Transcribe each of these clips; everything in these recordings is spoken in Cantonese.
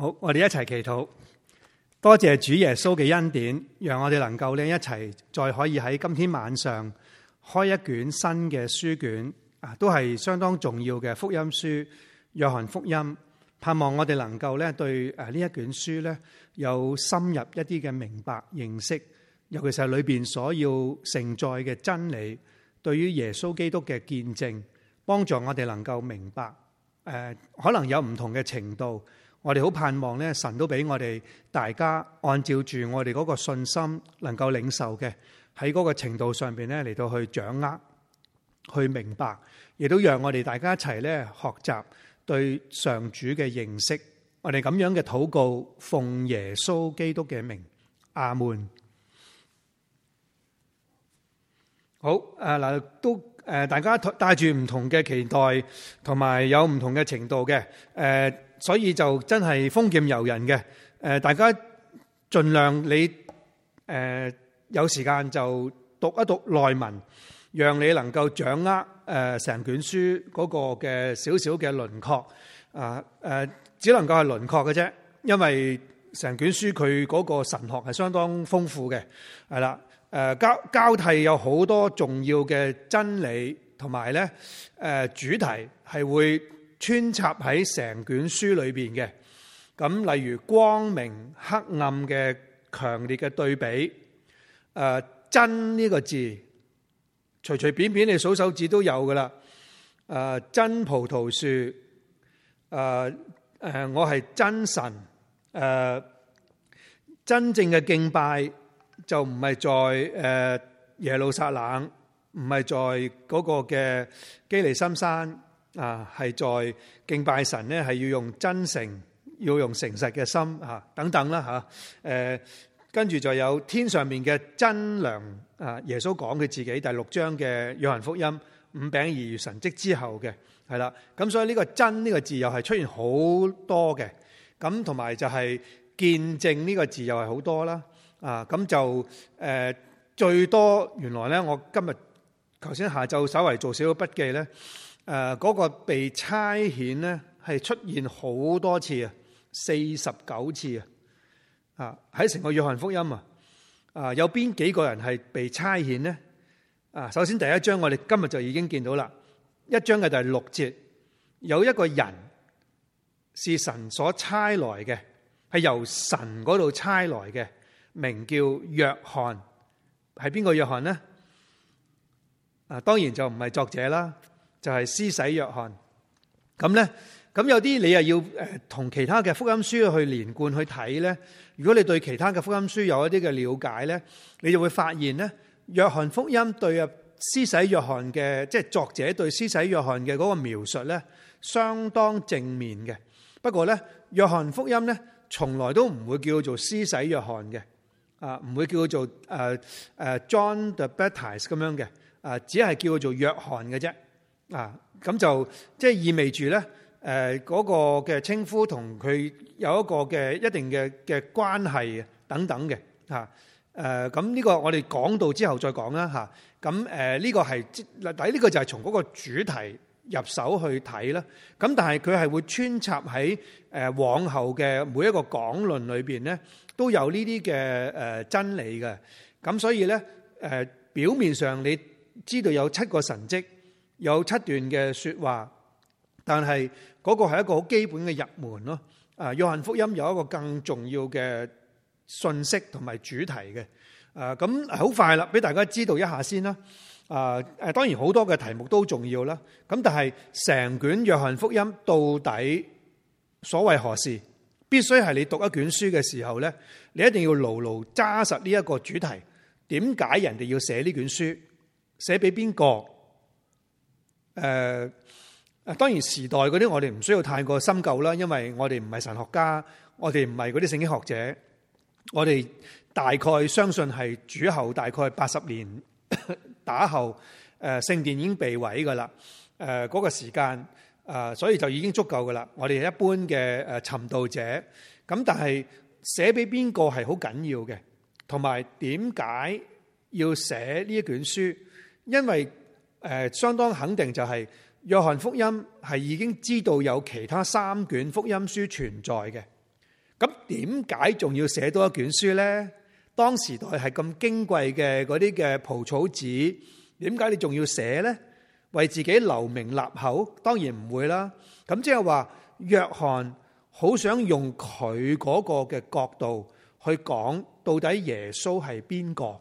好，我哋一齊祈禱。多謝主耶穌嘅恩典，讓我哋能夠咧一齊再可以喺今天晚上開一卷新嘅書卷啊，都係相當重要嘅福音書《約翰福音》。盼望我哋能夠咧對誒呢一卷書咧有深入一啲嘅明白認識，尤其是係裏邊所要承載嘅真理，對於耶穌基督嘅見證，幫助我哋能夠明白誒，可能有唔同嘅程度。我哋好盼望咧，神都俾我哋大家按照住我哋嗰個信心，能夠領受嘅喺嗰個程度上邊咧嚟到去掌握、去明白，亦都讓我哋大家一齊咧學習對上主嘅認識。我哋咁樣嘅禱告，奉耶穌基督嘅名，阿門。好，誒、呃、嗱，都誒、呃，大家帶住唔同嘅期待，同埋有唔同嘅程度嘅，誒、呃。所以就真係豐儉由人嘅，誒大家儘量你誒有時間就讀一讀內文，讓你能夠掌握誒成卷書嗰個嘅少少嘅輪廓啊誒，只能夠係輪廓嘅啫，因為成卷書佢嗰個神學係相當豐富嘅，係啦誒交交替有好多重要嘅真理同埋咧誒主題係會，穿插喺成卷書裏邊嘅，咁，例如光明黑暗嘅強烈嘅對比，誒，真呢個字，隨隨便便便你數手指都有噶啦，誒，真葡萄樹，誒，誒，我係真神，誒、啊，真正嘅敬拜就唔係在誒耶路撒冷，唔係在嗰個嘅基利心山。啊，係在敬拜神咧，係要用真誠，要用誠實嘅心、啊、等等啦吓。誒、啊，跟住就有天上面嘅真良啊。耶穌講佢自己第六章嘅約翰福音五餅二魚神蹟之後嘅係啦。咁所以呢個真呢個字又係出現好多嘅。咁同埋就係見證呢個字又係好多啦。啊，咁、啊、就誒、啊、最多原來咧，我今日頭先下晝稍為做少少筆記咧。誒、啊，嗰、那個被差遣咧係出現好多次、次啊，四十九次啊，啊喺成個約翰福音啊，啊有邊幾個人係被差遣呢？啊，首先第一章我哋今日就已經見到啦，一章嘅第六節，有一個人是神所差來嘅，係由神嗰度差來嘅，名叫約翰，係邊個約翰呢？啊，當然就唔係作者啦。就係、是、施洗約翰，咁咧，咁有啲你又要誒、呃、同其他嘅福音書去連貫去睇咧。如果你對其他嘅福音書有一啲嘅了解咧，你就會發現咧，約翰福音對啊施洗約翰嘅即係作者對施洗約翰嘅嗰個描述咧，相當正面嘅。不過咧，約翰福音咧，從來都唔會叫做施洗約翰嘅，啊、呃，唔會叫做誒誒、呃呃、John the Baptist 咁樣嘅，啊、呃，只係叫做約翰嘅啫。啊，咁就即係意味住咧，誒嗰個嘅稱呼同佢有一個嘅一定嘅嘅關係等等嘅，嚇誒咁呢個我哋講到之後再講啦，嚇咁誒呢個係即嗱底呢個就係從嗰個主題入手去睇啦。咁但係佢係會穿插喺誒往後嘅每一個講論裏邊咧，都有呢啲嘅誒真理嘅。咁所以咧誒表面上你知道有七個神蹟。有七段嘅說話，但係嗰個係一個好基本嘅入門咯。啊，約翰福音有一個更重要嘅信息同埋主題嘅。啊、嗯，咁好快啦，俾大家知道一下先啦。啊，誒，當然好多嘅題目都重要啦。咁但係成卷約翰福音到底所為何事？必須係你讀一卷書嘅時候咧，你一定要牢牢揸實呢一個主題。點解人哋要寫呢卷書？寫俾邊個？誒、呃，當然時代嗰啲我哋唔需要太過深究啦，因為我哋唔係神學家，我哋唔係嗰啲聖經學者，我哋大概相信係主後大概八十年打後，誒、呃、聖殿已經被毀噶啦，誒、呃、嗰個時間，誒、呃、所以就已經足夠噶啦。我哋係一般嘅誒尋道者，咁但係寫俾邊個係好緊要嘅，同埋點解要寫呢一卷書，因為。誒，相當肯定就係約翰福音係已經知道有其他三卷福音書存在嘅。咁點解仲要寫多一卷書呢？當時代係咁矜貴嘅嗰啲嘅蒲草紙，點解你仲要寫呢？為自己留名立口，當然唔會啦。咁即係話，約翰好想用佢嗰個嘅角度去講到底耶穌係邊個。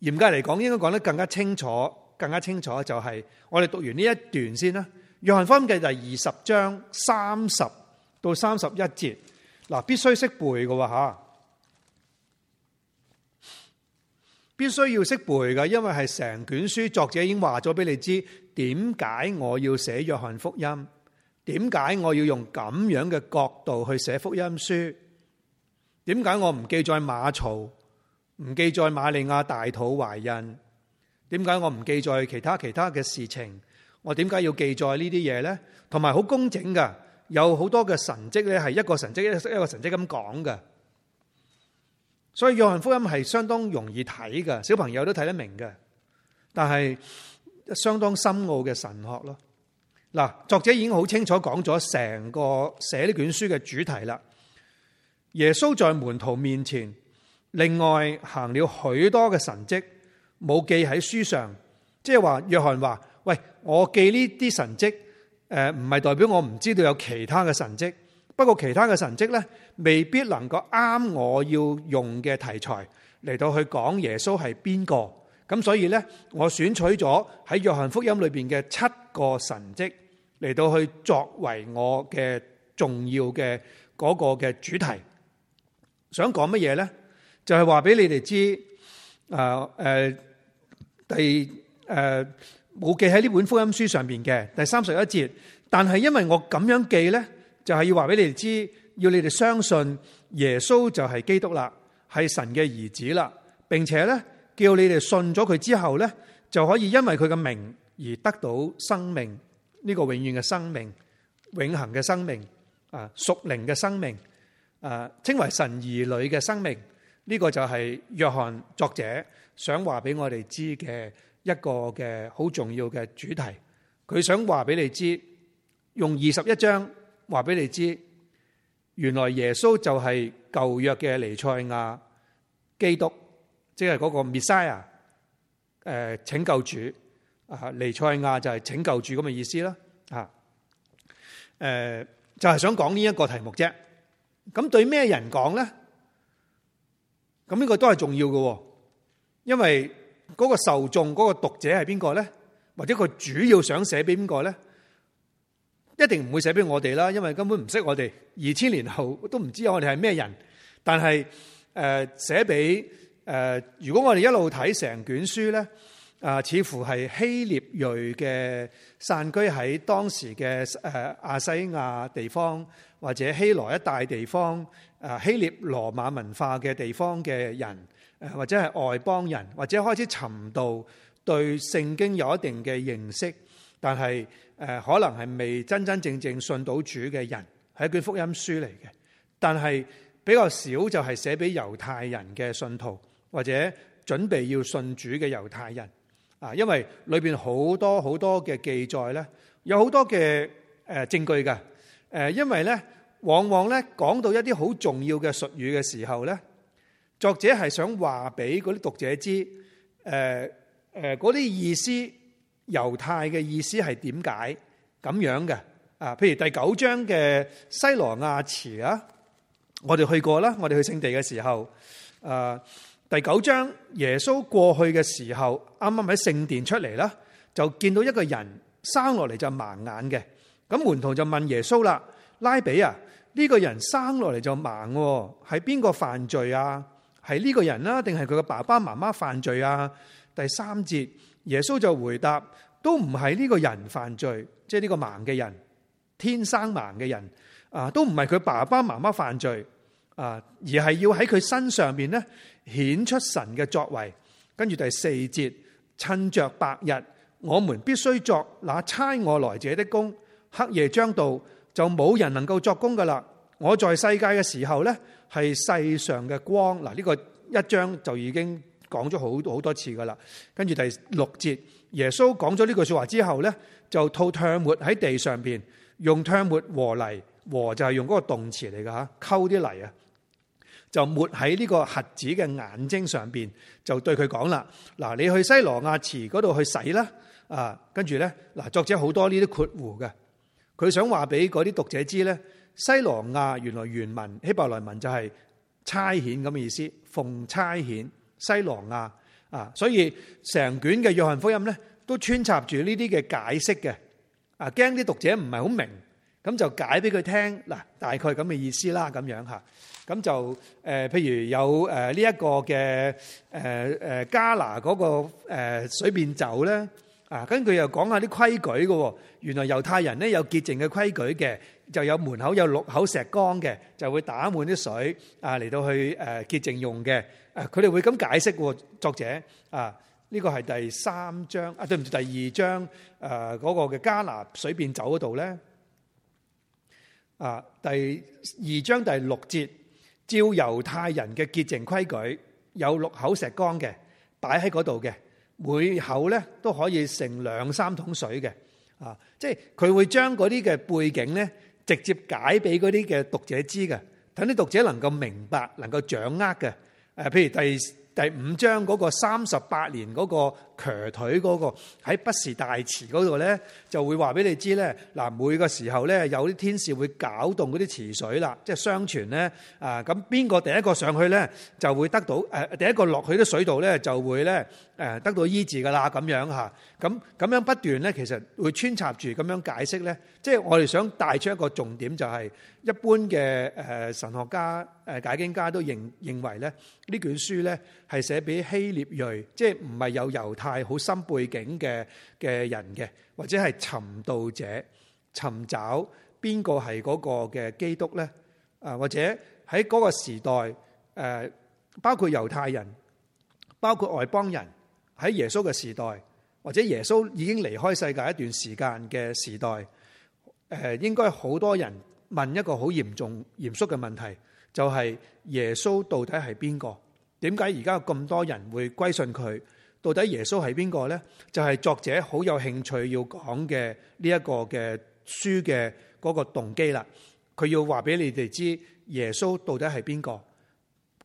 嚴格嚟講，應該講得更加清楚。更加清楚就係我哋讀完呢一段先啦。約翰福音嘅第二十章三十到三十一節，嗱，必須識背嘅吓，必須要識背嘅，因為係成卷書作者已經話咗俾你知點解我要寫約翰福音，點解我要用咁樣嘅角度去寫福音書，點解我唔記載馬槽，唔記載瑪利亞大肚懷孕。點解我唔記載其他其他嘅事情？我點解要記載呢啲嘢咧？同埋好工整噶，有好多嘅神蹟咧，係一個神蹟一一個神蹟咁講噶。所以約翰福音係相當容易睇噶，小朋友都睇得明嘅，但係相當深奧嘅神學咯。嗱，作者已經好清楚講咗成個寫呢卷書嘅主題啦。耶穌在門徒面前，另外行了許多嘅神蹟。冇記喺書上，即係話約翰話：，喂，我記呢啲神蹟，誒、呃，唔係代表我唔知道有其他嘅神蹟，不過其他嘅神蹟咧，未必能夠啱我要用嘅題材嚟到去講耶穌係邊個。咁所以咧，我選取咗喺約翰福音裏邊嘅七個神蹟嚟到去作為我嘅重要嘅嗰個嘅主題。想講乜嘢咧？就係話俾你哋知，誒、呃，誒、呃。第誒冇、呃、記喺呢本福音書上邊嘅，第三十一節。但係因為我咁樣記呢，就係、是、要話俾你哋知，要你哋相信耶穌就係基督啦，係神嘅兒子啦，並且呢，叫你哋信咗佢之後呢，就可以因為佢嘅名而得到生命呢、這個永遠嘅生命、永恒嘅生命、啊屬靈嘅生命、啊、呃、稱為神兒女嘅生命。呢、這個就係約翰作者。想話俾我哋知嘅一個嘅好重要嘅主題，佢想話俾你知，用二十一章話俾你知，原來耶穌就係舊約嘅尼賽亞基督，即係嗰個彌賽亞，誒拯救主啊，尼賽亞就係拯救主咁嘅意思啦，誒、呃、就係、是、想講呢一個題目啫，咁對咩人講咧？咁、這、呢個都係重要嘅、啊。因為嗰個受眾、嗰、嗰個讀者係邊個咧？或者佢主要想寫俾邊個咧？一定唔會寫俾我哋啦，因為根本唔識我哋，二千年後都唔知我哋係咩人。但係誒，寫俾誒，如果我哋一路睇成卷書咧，啊，似乎係希臘裔嘅散居喺當時嘅誒亞西亞地方或者希羅一帶地方啊，希臘羅馬文化嘅地方嘅人。誒，或者係外邦人，或者開始尋道對聖經有一定嘅認識，但係誒、呃、可能係未真真正正信到主嘅人，係一本福音書嚟嘅，但係比較少就係寫俾猶太人嘅信徒或者準備要信主嘅猶太人啊，因為裏邊好多好多嘅記載咧，有好多嘅誒、呃、證據㗎誒、呃、因為咧往往咧講到一啲好重要嘅術語嘅時候咧。作者係想話俾嗰啲讀者知，誒誒嗰啲意思，猶太嘅意思係點解咁樣嘅？啊，譬如第九章嘅西羅亞池啊，我哋去過啦，我哋去聖地嘅時候，誒、啊、第九章耶穌過去嘅時候，啱啱喺聖殿出嚟啦，就見到一個人生落嚟就盲眼嘅，咁門徒就問耶穌啦：拉比啊，呢、呢個人生落嚟就盲、啊，係邊個犯罪啊？係呢個人啦，定係佢嘅爸爸媽媽犯罪啊？第三節，耶穌就回答：都唔係呢個人犯罪，即係呢個盲嘅人，天生盲嘅人啊，都唔係佢爸爸媽媽犯罪啊，而係要喺佢身上面咧顯出神嘅作為。跟住第四節，趁着白日，我們必須作那差我來者的工；黑夜將到，就冇人能夠作工噶啦。我在世界嘅時候咧。係世上嘅光嗱，呢、這個一章就已經講咗好好多次噶啦。跟住第六節，耶穌講咗呢句說話之後咧，就吐唾沫喺地上邊，用唾沫，沫和泥和就係用嗰個動詞嚟噶吓，溝啲泥啊，就抹喺呢個瞎子嘅眼睛上邊，就對佢講啦。嗱，你去西羅亞池嗰度去洗啦。啊，跟住咧，嗱，作者好多呢啲括弧嘅，佢想話俾嗰啲讀者知咧。西羅亞原來原文，希伯來文就係差遣咁嘅意思，奉差遣西羅亞啊，所以成卷嘅約翰福音咧都穿插住呢啲嘅解釋嘅啊，驚啲讀者唔係好明，咁就解俾佢聽嗱，大概咁嘅意思啦，咁樣吓，咁就誒，譬如有誒呢一個嘅誒誒加拿嗰個水變酒咧啊，跟住又講下啲規矩嘅喎，原來猶太人咧有潔淨嘅規矩嘅。就有門口有六口石缸嘅，就會打滿啲水啊嚟到去誒潔淨用嘅。佢哋會咁解釋喎作者啊，呢個係第三章啊，對唔住第二章嗰個嘅迦拿水變酒嗰度咧啊，第二章第六節，照猶太人嘅潔淨規矩，有六口石缸嘅擺喺嗰度嘅，每口咧都可以盛兩三桶水嘅啊，即係佢會將嗰啲嘅背景咧。直接解俾嗰啲嘅讀者知嘅，等啲讀者能夠明白、能夠掌握嘅。誒、啊，譬如第第五章嗰個三十八年嗰、嗰個。瘸腿嗰個喺不時大池嗰度咧，就會話俾你知咧。嗱，每個時候咧，有啲天使會攪動嗰啲池水啦，即係相傳咧。啊，咁邊個第一個上去咧，就會得到誒，第一個落去啲水度咧，就會咧誒，得到醫治㗎啦。咁樣嚇，咁咁樣不斷咧，其實會穿插住咁樣解釋咧。即係我哋想帶出一個重點，就係一般嘅誒神學家誒解經家都認認為咧，呢卷書咧係寫俾希臘瑞，即係唔係有猶太。係好深背景嘅嘅人嘅，或者係尋道者尋找邊個係嗰個嘅基督呢？誒，或者喺嗰個時代誒，包括猶太人，包括外邦人喺耶穌嘅時代，或者耶穌已經離開世界一段時間嘅時代誒，應該好多人問一個好嚴重嚴肅嘅問題，就係耶穌到底係邊個？點解而家咁多人會歸信佢？到底耶穌係邊個呢？就係、是、作者好有興趣要講嘅呢一個嘅書嘅嗰個動機啦。佢要話俾你哋知耶穌到底係邊個，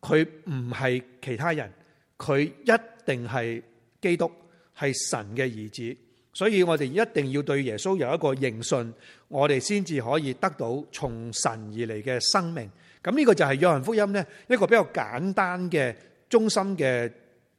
佢唔係其他人，佢一定係基督，係神嘅兒子。所以我哋一定要對耶穌有一個認信，我哋先至可以得到從神而嚟嘅生命。咁、這、呢個就係約翰福音呢一個比較簡單嘅中心嘅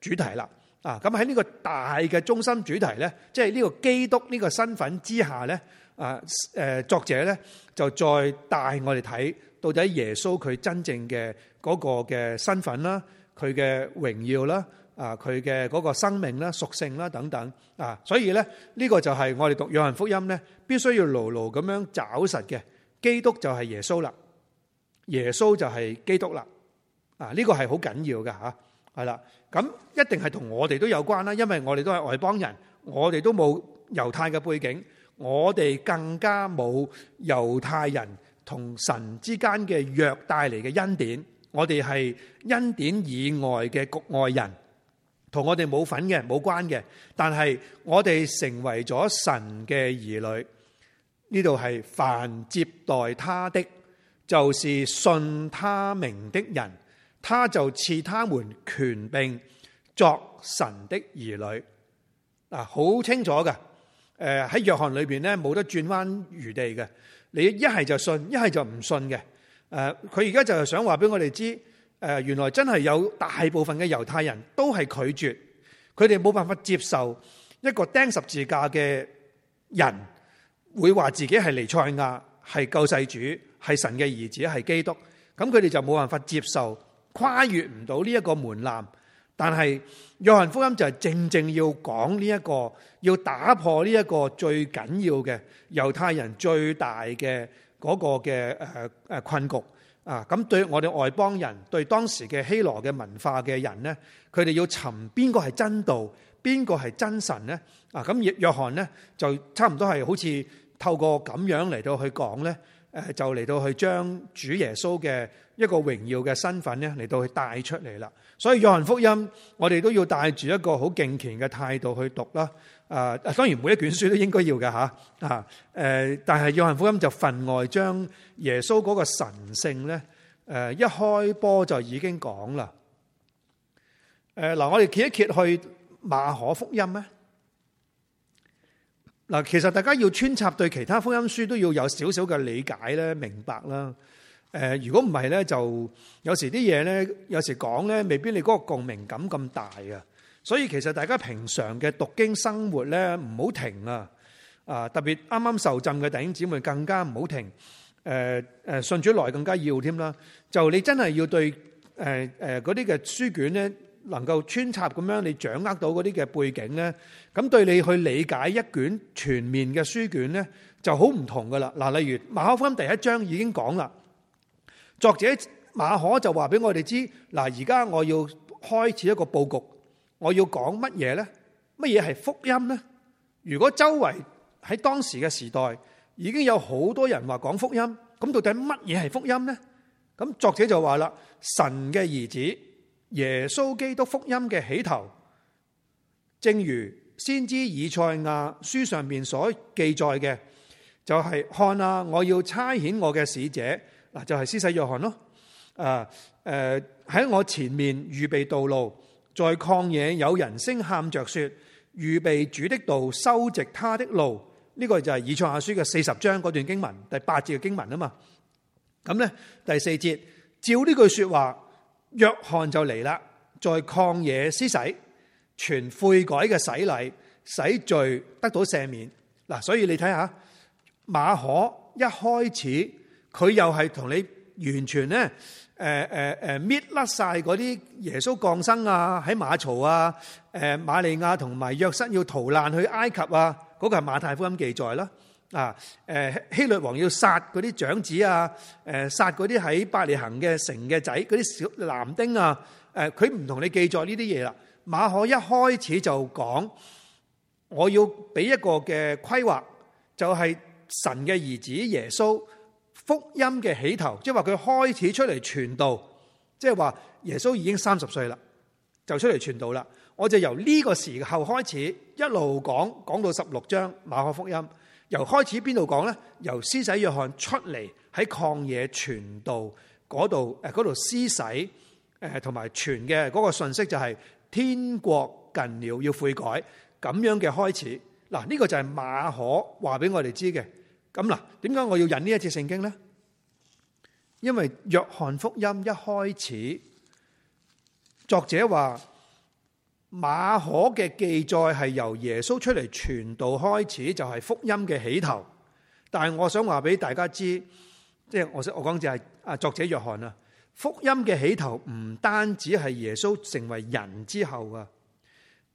主題啦。啊！咁喺呢個大嘅中心主題咧，即係呢個基督呢個身份之下咧，啊誒作者咧就再帶我哋睇到底耶穌佢真正嘅嗰個嘅身份啦，佢嘅榮耀啦，啊佢嘅嗰個生命啦、屬性啦等等啊！所以咧呢個就係我哋讀約翰福音咧，必須要牢牢咁樣找實嘅基督就係耶穌啦，耶穌就係基督啦，啊呢個係好緊要噶吓。係啦，咁一定係同我哋都有關啦，因為我哋都係外邦人，我哋都冇猶太嘅背景，我哋更加冇猶太人同神之間嘅約帶嚟嘅恩典，我哋係恩典以外嘅局外人，同我哋冇份嘅冇關嘅，但係我哋成為咗神嘅兒女，呢度係凡接待他的，就是信他名的人，他就賜他們權柄作神的兒女，啊，好清楚嘅。誒喺約翰裏邊咧，冇得轉彎餘地嘅。你一係就信，一係就唔信嘅。誒、啊，佢而家就係想話俾我哋知，誒、啊，原來真係有大部分嘅猶太人都係拒絕，佢哋冇辦法接受一個釘十字架嘅人會話自己係彌賽亞，係救世主，係神嘅兒子，係基督。咁佢哋就冇辦法接受。跨越唔到呢一個門檻，但係約翰福音就係正正要講呢一個，要打破呢一個最緊要嘅猶太人最大嘅嗰個嘅誒困局啊！咁對我哋外邦人，對當時嘅希羅嘅文化嘅人呢，佢哋要尋邊個係真道，邊個係真神呢？啊！咁約約翰呢，就差唔多係好似透過咁樣嚟到去講呢。誒，就嚟到去將主耶穌嘅一個榮耀嘅身份咧，嚟到去帶出嚟啦。所以約翰福音，我哋都要帶住一個好敬虔嘅態度去讀啦。啊，當然每一卷書都應該要嘅吓啊。誒，但係約翰福音就分外將耶穌嗰個神聖咧，誒，一開波就已經講啦。誒，嗱，我哋揭一揭去馬可福音啊。嗱，其實大家要穿插對其他福音書都要有少少嘅理解咧，明白啦。誒、呃，如果唔係咧，就有時啲嘢咧，有時講咧，未必你嗰個共鳴感咁大啊。所以其實大家平常嘅讀經生活咧，唔好停啊！啊，特別啱啱受浸嘅弟兄姊妹更加唔好停。誒、呃、誒，信主來更加要添啦。就你真係要對誒誒嗰啲嘅書卷咧。能夠穿插咁樣，你掌握到嗰啲嘅背景咧，咁對你去理解一卷全面嘅書卷咧，就好唔同噶啦。嗱，例如馬可福音第一章已經講啦，作者馬可就話俾我哋知，嗱，而家我要開始一個佈局，我要講乜嘢咧？乜嘢係福音咧？如果周圍喺當時嘅時代已經有好多人話講福音，咁到底乜嘢係福音咧？咁作者就話啦，神嘅兒子。耶穌基督福音嘅起頭，正如先知以賽亞書上面所記載嘅、就是，就係看啊，我要差遣我嘅使者，嗱就係施洗約翰咯，誒喺、啊呃、我前面預備道路，在曠野有人聲喊着說，預備主的道路，修直他的路，呢、這個就係以賽亞書嘅四十章嗰段經文第八節嘅經文啊嘛，咁咧第四節照呢句說話。約翰就嚟啦，在曠野施洗，全悔改嘅洗禮，使罪得到赦免。嗱，所以你睇下馬可一開始佢又係同你完全咧，誒誒誒搣甩晒嗰啲耶穌降生啊，喺馬槽啊，誒、呃、瑪利亞同埋約瑟要逃難去埃及啊，嗰、那個係馬太福音記載啦。啊！誒希律王要殺嗰啲長子啊，誒、啊、殺嗰啲喺伯利恆嘅城嘅仔，嗰啲小男丁啊，誒佢唔同你記載呢啲嘢啦。馬可一開始就講，我要俾一個嘅規劃，就係、是、神嘅兒子耶穌福音嘅起頭，即係話佢開始出嚟傳道，即係話耶穌已經三十歲啦，就出嚟傳道啦。我就由呢個時候開始一路講講到十六章馬可福音。由開始邊度講咧？由施洗約翰出嚟喺曠野傳道嗰度，誒度施洗，誒同埋傳嘅嗰個信息就係天國近了，要悔改，咁樣嘅開始。嗱，呢個就係馬可話俾我哋知嘅。咁嗱，點解我要引呢一次聖經咧？因為約翰福音一開始，作者話。馬可嘅記載係由耶穌出嚟傳道開始，就係、是、福音嘅起頭。但係我想話俾大家知，即係我我講就係啊，作者約翰啊，福音嘅起頭唔單止係耶穌成為人之後啊，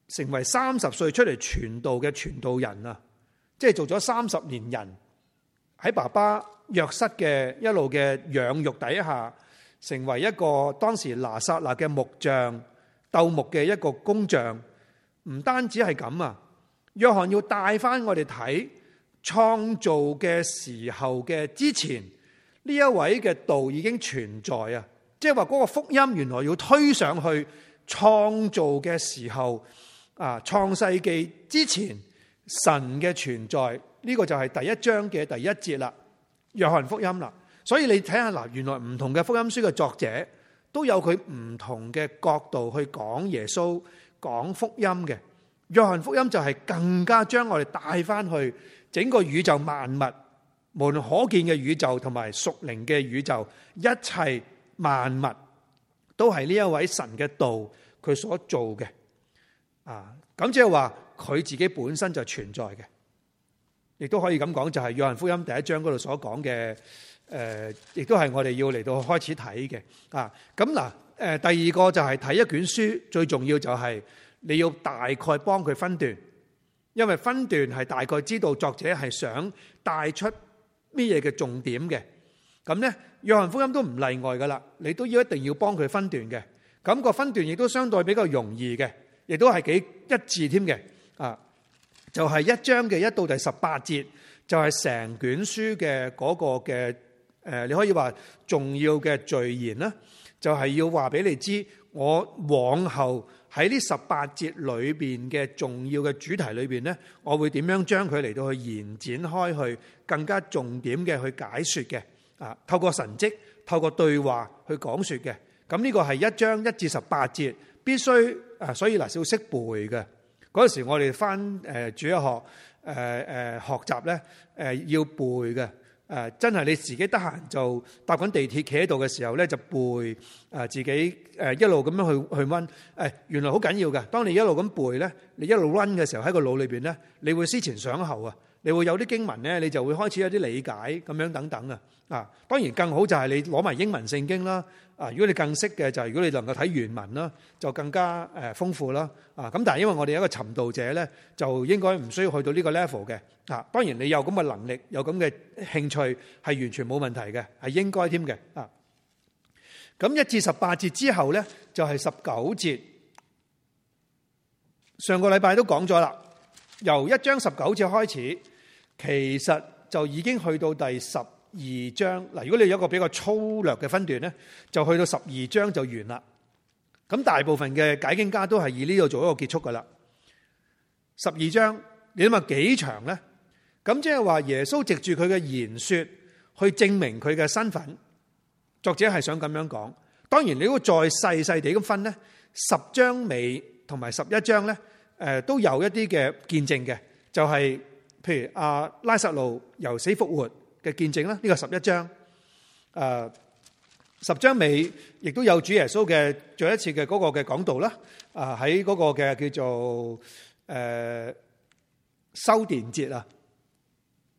成為三十歲出嚟傳道嘅傳道人啊，即係做咗三十年人喺爸爸約瑟嘅一路嘅養育底下，成為一個當時拿撒勒嘅木匠。鬥木嘅一個工匠，唔單止係咁啊！約翰要帶翻我哋睇創造嘅時候嘅之前，呢一位嘅道已經存在啊！即係話嗰個福音原來要推上去創造嘅時候啊，創世紀之前神嘅存在呢個就係第一章嘅第一節啦，約翰福音啦。所以你睇下嗱，原來唔同嘅福音書嘅作者。都有佢唔同嘅角度去講耶穌、講福音嘅。約翰福音就係更加將我哋帶翻去整個宇宙萬物，無論可見嘅宇宙同埋屬靈嘅宇宙，一切萬物都係呢一位神嘅道，佢所做嘅。啊，咁即係話佢自己本身就存在嘅，亦都可以咁講，就係約翰福音第一章嗰度所講嘅。誒，亦都係我哋要嚟到開始睇嘅啊！咁嗱，誒第二個就係睇一卷書，最重要就係你要大概幫佢分段，因為分段係大概知道作者係想帶出乜嘢嘅重點嘅。咁呢，約翰福音都唔例外噶啦，你都要一定要幫佢分段嘅。咁個分段亦都相對比較容易嘅，亦都係幾一致添嘅啊！就係一章嘅一到第十八節，就係成卷書嘅嗰個嘅。誒，你可以話重要嘅序言啦，就係要話俾你知，我往後喺呢十八節裏邊嘅重要嘅主題裏邊咧，我會點樣將佢嚟到去延展開去更加重點嘅去解説嘅啊，透過神蹟，透過對話去講説嘅。咁呢個係一章一至十八節必須啊，所以嗱，少識背嘅嗰陣時，我們主學，我哋翻誒主一學誒誒學習咧誒要背嘅。誒真係你自己得閒就搭緊地鐵企喺度嘅時候咧，就背誒自己誒一路咁樣去去溫誒原來好緊要嘅。當你一路咁背咧，你一路溫嘅時候喺個腦裏面咧，你會思前想後啊，你會有啲經文咧，你就會開始有啲理解咁樣等等啊。啊，當然更好就係你攞埋英文聖經啦。啊！如果你更識嘅就係如果你能夠睇原文啦，就更加誒豐富啦。啊！咁但係因為我哋一個尋道者咧，就應該唔需要去到呢個 level 嘅。啊！當然你有咁嘅能力，有咁嘅興趣，係完全冇問題嘅，係應該添嘅。啊！咁一至十八節之後咧，就係十九節。上個禮拜都講咗啦，由一章十九節開始，其實就已經去到第十二章嗱，如果你有一個比較粗略嘅分段咧，就去到十二章就完啦。咁大部分嘅解經家都係以呢度做一個結束噶啦。十二章你諗下幾長咧？咁即係話耶穌藉住佢嘅言說去證明佢嘅身份。作者係想咁樣講。當然，你如果再細細地咁分咧，十章尾同埋十一章咧，誒、呃、都有一啲嘅見證嘅，就係、是、譬如阿拉撒路由死復活。嘅見證啦，呢個十一章，誒十章尾亦都有主耶穌嘅再一次嘅嗰個嘅講道啦，啊喺嗰個嘅叫做誒修殿節啊，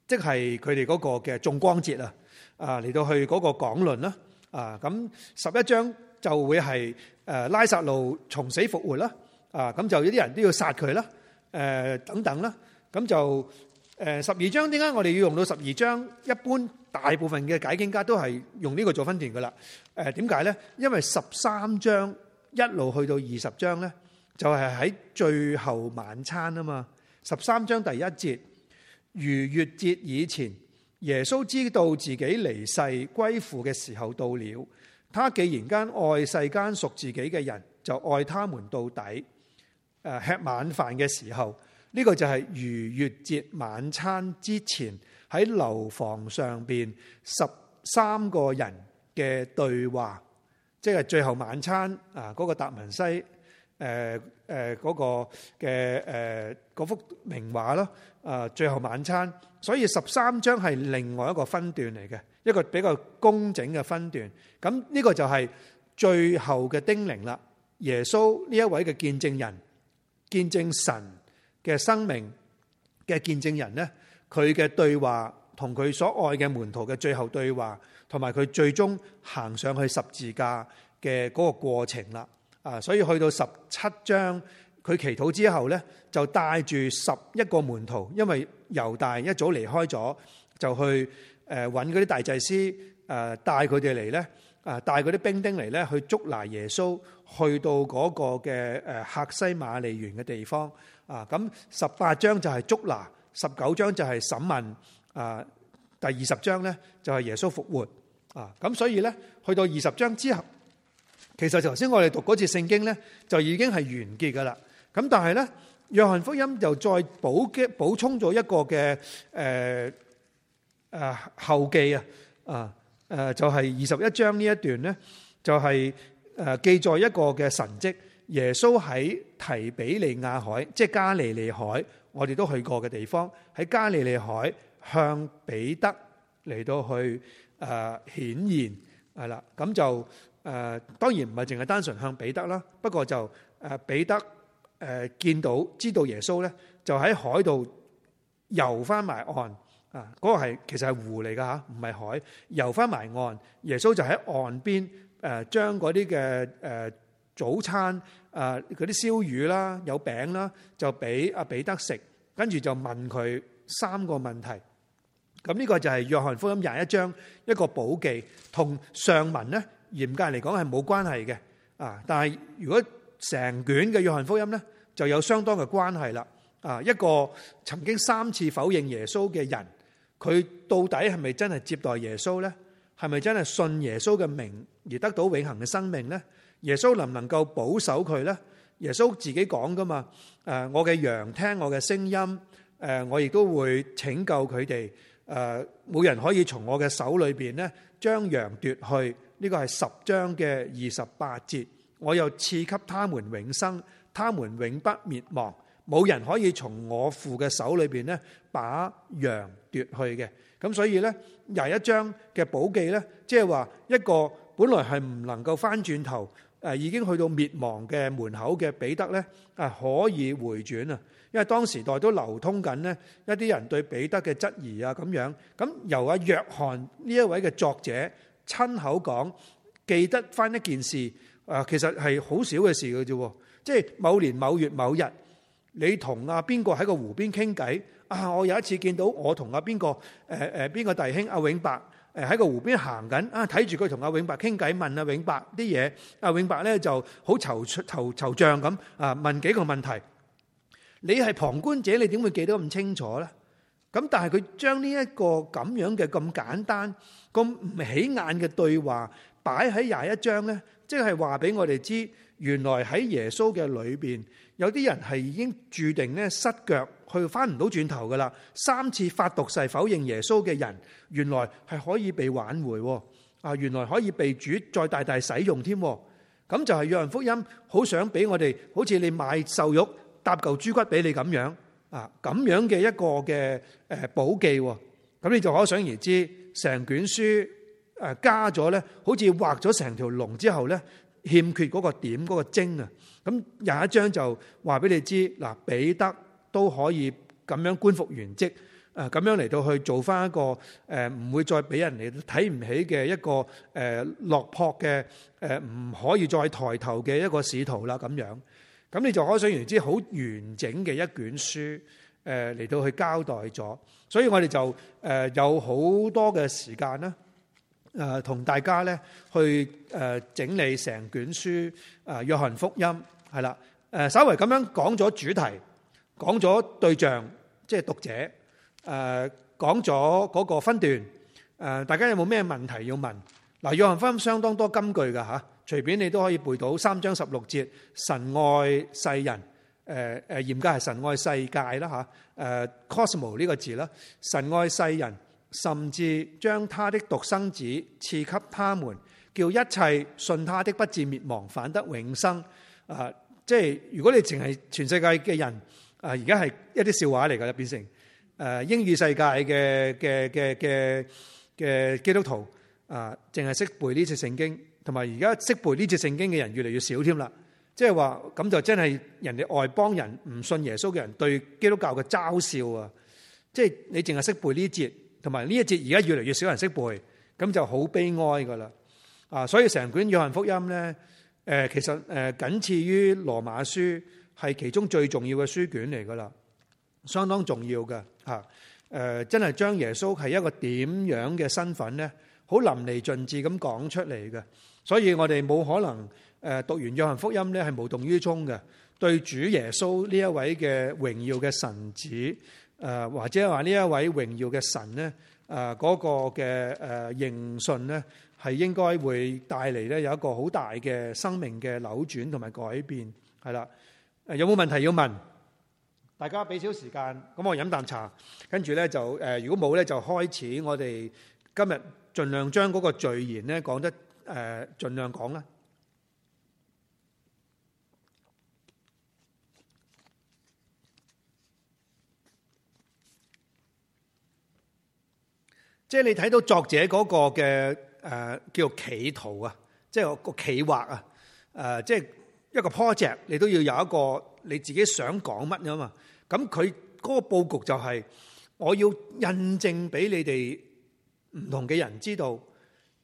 即係佢哋嗰個嘅重光節啊，啊嚟到去嗰個講論啦，啊咁十一章就會係誒拉撒路從死復活啦，啊咁就有啲人都要殺佢啦，誒等等啦，咁就。誒十二章點解我哋要用到十二章？一般大部分嘅解經家都係用呢個做分段噶啦。誒點解呢？因為十三章一路去到二十章呢，就係喺最後晚餐啊嘛。十三章第一節，逾越節以前，耶穌知道自己離世歸父嘅時候到了，他既然間愛世間屬自己嘅人，就愛他們到底。誒吃晚飯嘅時候。呢、個就係逾越節晚餐之前喺樓房上邊十三個人嘅對話，即係最後晚餐啊！嗰、個達文西，誒誒嗰個嘅誒嗰幅名畫咯啊！最後晚餐，所以十三章係另外一個分段嚟嘅一個比較工整嘅分段。咁、呢個就係最後嘅叮嚀啦。耶穌呢一位嘅見證人，見證神嘅生命嘅見證人呢，佢嘅對話同佢所愛嘅門徒嘅最後對話，同埋佢最終行上去十字架嘅嗰個過程啦。啊，所以去到十七章，佢祈禱之後呢，就帶住十一個門徒，因為猶大一早離開咗，就去誒揾嗰啲大祭司誒帶佢哋嚟呢，啊帶嗰啲兵丁嚟呢，去捉拿耶穌，去到嗰個嘅誒客西馬尼園嘅地方。啊，咁十八章就係捉拿，十九章就係審問，啊，第二十章咧就係耶穌復活，啊，咁所以咧去到二十章之後，其實頭先我哋讀嗰節聖經咧就已經係完結噶啦。咁但係咧，約翰福音就再補嘅補充咗一個嘅誒誒後記啊，啊誒就係二十一章呢一段咧就係誒記載一個嘅神跡。耶穌喺提比利亞海，即係加利利海，我哋都去過嘅地方。喺加利利海向彼得嚟到去誒顯現係啦。咁就誒當然唔係淨係單純向彼得啦，不過就誒彼得誒見到知道耶穌咧，就喺海度游翻埋岸啊！嗰個係其實係湖嚟㗎嚇，唔係海游翻埋岸。耶穌就喺岸邊誒將嗰啲嘅誒早餐。誒，嗰啲燒魚啦，有餅啦，就俾阿彼得食，跟住就問佢三個問題。咁呢個就係約翰福音廿一章一個補記，同上文咧嚴格嚟講係冇關係嘅。啊，但係如果成卷嘅約翰福音咧，就有相當嘅關係啦。啊，一個曾經三次否認耶穌嘅人，佢到底係咪真係接待耶穌咧？係咪真係信耶穌嘅名而得到永恆嘅生命咧？耶穌能唔能夠保守佢咧？耶穌自己講噶嘛。誒，我嘅羊聽我嘅聲音，誒，我亦都會拯救佢哋。誒，冇人可以從我嘅手裏邊咧將羊奪去。呢個係十章嘅二十八節。我又賜給他們永生，他們永不滅亡。冇人可以從我父嘅手裏邊咧把羊奪去嘅。咁所以咧，廿一章嘅寶記咧，即係話一個本來係唔能夠返轉頭。誒，已經去到滅亡嘅門口嘅彼得咧，啊可以回轉啊！因為當時代都流通緊呢，一啲人對彼得嘅質疑啊咁樣。咁由阿約翰呢一位嘅作者親口講，記得翻一件事啊，其實係好少嘅事嘅啫。即係某年某月某日，你同阿邊個喺個湖邊傾偈啊！我有一次見到我同阿邊個誒誒邊個弟兄阿永伯。喺個湖邊行緊，啊睇住佢同阿永白傾偈，問阿永白啲嘢。阿永白咧就好惆惆惆悵咁啊，問幾個問題。你係旁觀者，你點會記得咁清楚咧？咁但係佢將呢一個咁樣嘅咁簡單、咁唔起眼嘅對話擺喺廿一章咧，即係話俾我哋知，原來喺耶穌嘅裏邊。有啲人係已經注定咧失腳，去翻唔到轉頭噶啦。三次發毒誓否認耶穌嘅人，原來係可以被挽回啊，原來可以被主再大大使用添。咁就係《約翰福音》好想俾我哋，好似你買瘦肉搭嚿豬骨俾你咁樣啊，咁樣嘅一個嘅誒寶記。咁你就可想而知，成卷書誒加咗咧，好似畫咗成條龍之後咧。欠缺嗰個點嗰個精啊，咁廿一章就話俾你知嗱，彼得都可以咁樣官復原職，誒咁樣嚟到去做翻一個誒唔會再俾人哋睇唔起嘅一個誒落魄嘅誒唔可以再抬頭嘅一個使徒啦，咁樣，咁你就可想而知好完整嘅一卷書，誒嚟到去交代咗，所以我哋就誒有好多嘅時間啦。誒，同大家咧去誒整理成卷書誒，約翰福音係啦。誒，稍為咁樣講咗主題，講咗對象，即係讀者。誒，講咗嗰個分段。誒，大家有冇咩問題要問？嗱，約翰福音相當多金句噶吓，隨便你都可以背到三章十六節。神愛世人，誒誒，嚴格係神愛世界啦吓，誒 Cosmo 呢個字啦，神愛世人。甚至將他的獨生子賜給他們，叫一切信他的不至滅亡，反得永生。啊、呃，即係如果你淨係全世界嘅人啊，而家係一啲笑話嚟噶，變成誒英語世界嘅嘅嘅嘅嘅基督徒啊，淨、呃、係識背呢節聖經，同埋而家識背呢節聖經嘅人越嚟越少添啦。即係話咁就真係人哋外邦人唔信耶穌嘅人對基督教嘅嘲笑啊！即係你淨係識背呢節。同埋呢一節而家越嚟越少人識背，咁就好悲哀噶啦！啊，所以成卷約翰福音咧，誒，其實誒，僅次於羅馬書，係其中最重要嘅書卷嚟噶啦，相當重要嘅吓，誒，真係將耶穌係一個點樣嘅身份咧，好淋漓盡致咁講出嚟嘅，所以我哋冇可能誒讀完約翰福音咧係無動於衷嘅，對主耶穌呢一位嘅榮耀嘅神子。誒、呃、或者話、呃那個呃、呢一位榮耀嘅神咧，誒嗰個嘅誒認信咧，係應該會帶嚟咧有一個好大嘅生命嘅扭轉同埋改變，係啦。誒、呃、有冇問題要問？大家俾少時間，咁我飲啖茶，跟住咧就誒、呃，如果冇咧就開始。我哋今日盡量將嗰個序言咧講得誒，盡、呃、量講啦。即係你睇到作者嗰個嘅誒、呃、叫做企圖啊，即係個企劃啊，誒即係一個 project，你都要有一個你自己想講乜啊嘛。咁佢嗰個布局就係我要印證俾你哋唔同嘅人知道，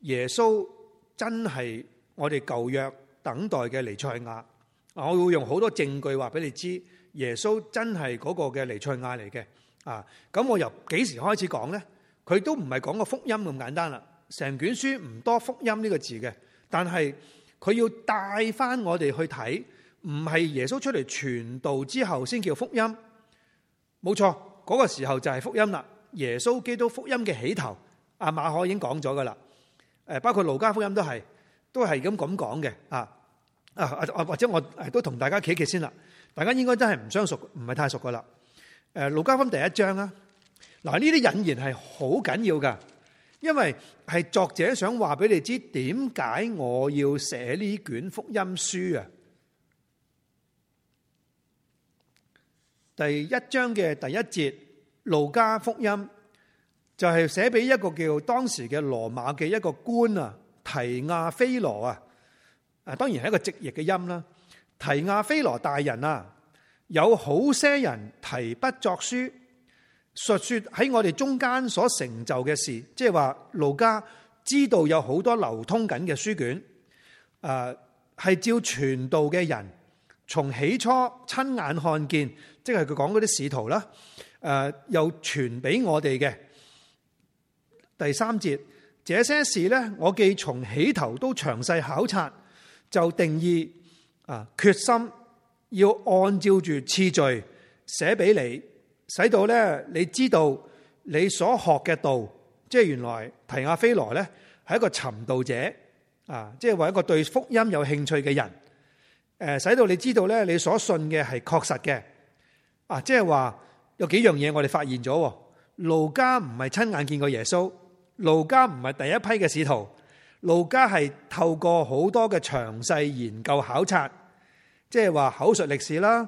耶穌真係我哋舊約等待嘅彌賽亞。我會用好多證據話俾你知，耶穌真係嗰個嘅彌賽亞嚟嘅。啊，咁我由幾時開始講咧？佢都唔係講個福音咁簡單啦，成卷書唔多福音呢個字嘅，但係佢要帶翻我哋去睇，唔係耶穌出嚟傳道之後先叫福音。冇錯，嗰個時候就係福音啦。耶穌基督福音嘅起頭，阿馬可已經講咗噶啦，誒包括路加福音都係都係咁咁講嘅。啊啊啊，或者我都同大家企企先啦，大家應該真係唔相熟，唔係太熟噶啦，誒路加福音第一章啊。嗱，呢啲引言係好緊要噶，因為係作者想話俾你知點解我要寫呢卷福音書啊。第一章嘅第一節路加福音就係寫俾一個叫當時嘅羅馬嘅一個官啊，提亞非羅啊，啊當然係一個直譯嘅音啦。提亞非羅大人啊，有好些人提筆作書。述說喺我哋中間所成就嘅事，即係話路加知道有好多流通緊嘅書卷，誒，係照傳道嘅人從起初親眼看見，即係佢講嗰啲使徒啦，誒又傳俾我哋嘅。第三節，這些事呢，我既從起頭都詳細考察，就定義啊決心要按照住次序寫俾你。使到咧，你知道你所學嘅道，即係原來提阿非羅咧係一個尋道者啊，即係話一個對福音有興趣嘅人。誒，使到你知道咧，你所信嘅係確實嘅啊，即係話有幾樣嘢我哋發現咗。路加唔係親眼見過耶穌，路加唔係第一批嘅使徒，路加係透過好多嘅詳細研究考察，即係話口述歷史啦。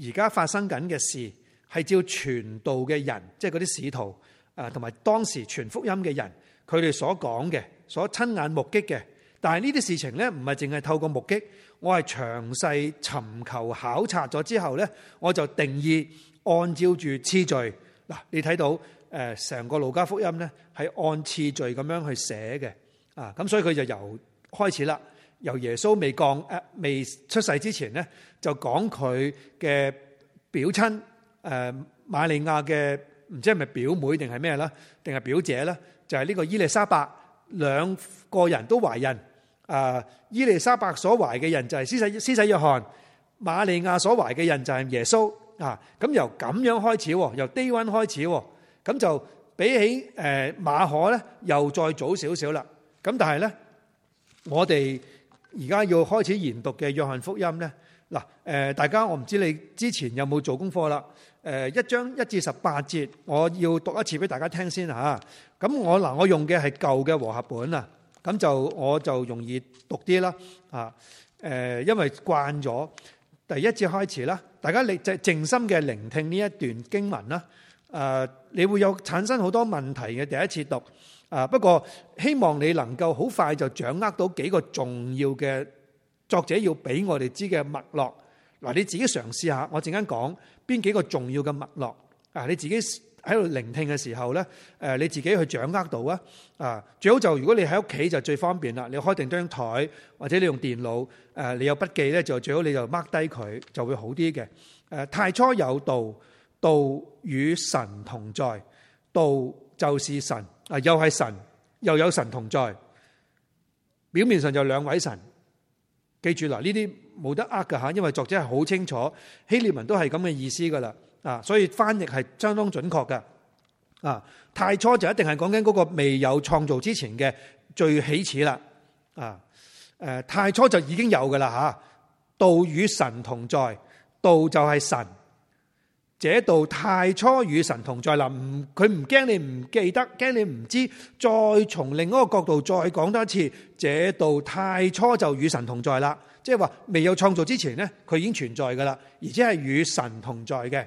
而家發生緊嘅事係照傳道嘅人，即係嗰啲使徒，誒同埋當時傳福音嘅人，佢哋所講嘅、所親眼目擊嘅。但係呢啲事情呢，唔係淨係透過目擊，我係詳細尋求考察咗之後呢，我就定義按照住次序。嗱，你睇到誒成個路加福音呢，係按次序咁樣去寫嘅。啊，咁所以佢就由開始啦。由耶穌未降誒未出世之前咧，就講佢嘅表親誒瑪利亞嘅唔知係咪表妹定係咩啦，定係表姐咧，就係呢個伊麗莎白，兩個人都懷孕。誒，伊麗莎白所懷嘅人就係施洗施洗約翰，瑪利亞所懷嘅人就係耶穌啊。咁由咁樣開始，由低溫開始，咁就比起誒馬可咧，又再早少少啦。咁但係咧，我哋。而家要開始研讀嘅《約翰福音》咧，嗱誒，大家我唔知道唔知你之前有冇做功課啦，誒一章一至十八節，我要讀一次俾大家聽先嚇。咁我嗱我用嘅係舊嘅和合本啊，咁就我就容易讀啲啦嚇。誒，因為慣咗，第一節開始啦，大家你就靜心嘅聆聽呢一段經文啦。誒，你會有產生好多問題嘅，第一次讀。啊！不過希望你能夠好快就掌握到幾個重要嘅作者要俾我哋知嘅脈絡。嗱，你自己嘗試下。我陣間講邊幾個重要嘅脈絡啊！你自己喺度聆聽嘅時候咧，誒你自己去掌握到啊！啊，最好就如果你喺屋企就最方便啦。你開定張台或者你用電腦誒，你有筆記咧就最好，你就 mark 低佢就會好啲嘅。誒，太初有道，道與神同在，道就是神。啊，又係神，又有神同在。表面上就兩位神，記住啦，呢啲冇得呃噶吓，因為作者係好清楚，希臘文都係咁嘅意思噶啦。啊，所以翻譯係相當準確噶。啊，太初就一定係講緊嗰個未有創造之前嘅最起始啦。啊，誒，太初就已經有㗎啦吓，道與神同在，道就係神。這道太初與神同在啦，唔佢唔驚你唔記得，驚你唔知。再從另一個角度再講多一次，這道太初就與神同在啦。即係話未有創造之前咧，佢已經存在噶啦，而且係與神同在嘅。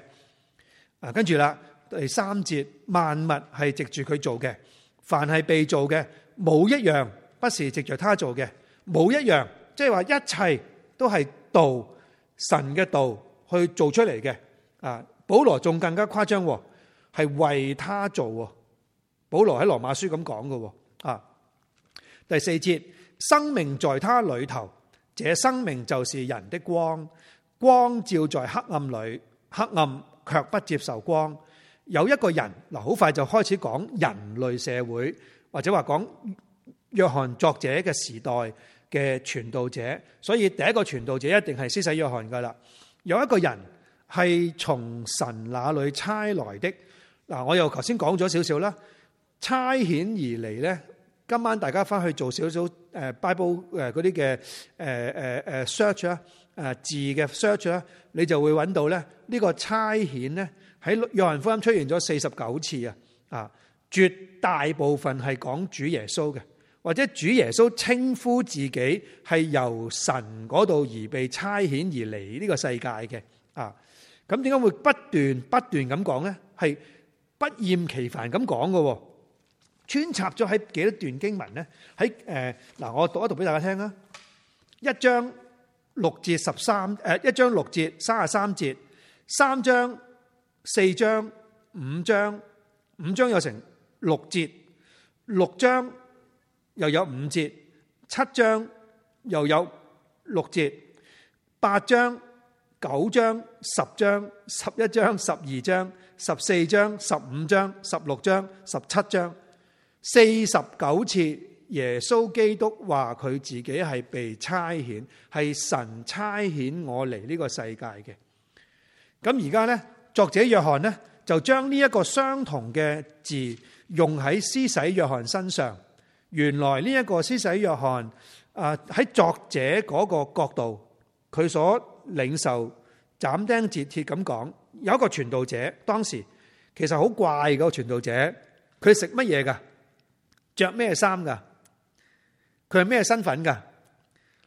啊，跟住啦，第三節，萬物係藉住佢做嘅，凡係被做嘅，冇一樣不是藉著他做嘅，冇一樣，即係話一切都係道神嘅道去做出嚟嘅啊。保羅仲更加誇張，係為他做。保羅喺羅馬書咁講嘅啊。第四節，生命在他裏頭，這生命就是人的光，光照在黑暗裏，黑暗卻不接受光。有一個人嗱，好快就開始講人類社會，或者話講約翰作者嘅時代嘅傳道者，所以第一個傳道者一定係施洗約翰噶啦。有一個人。係從神那裏差來的嗱，我又頭先講咗少少啦。差遣而嚟咧，今晚大家翻去做少少誒，Bible 誒嗰啲嘅誒誒誒 search 啦，誒字嘅 search 啦，你就會揾到咧呢個差遣咧喺約翰福音出現咗四十九次啊，啊，絕大部分係講主耶穌嘅，或者主耶穌稱呼自己係由神嗰度而被差遣而嚟呢個世界嘅啊。咁點解會不斷不斷咁講咧？係不厭其煩咁講噶，穿插咗喺幾多段經文咧？喺誒嗱，我讀一讀俾大家聽啦。一章六至十三誒，一章六節三，呃、六節三十三節，三章、四章、五章，五章，五章有成六節，六章又有五節，七章又有六節，八章。九章、十章、十一章、十二章、十四章、十五章、十六章、十七章，四十九次耶穌基督話佢自己係被差遣，係神差遣我嚟呢個世界嘅。咁而家呢，作者約翰呢，就將呢一個相同嘅字用喺施洗約翰身上。原來呢一個施洗約翰啊，喺作者嗰個角度，佢所。領袖斬釘截鐵咁講，有一個傳道者，當時其實好怪嗰個傳道者，佢食乜嘢噶，着咩衫噶，佢係咩身份噶？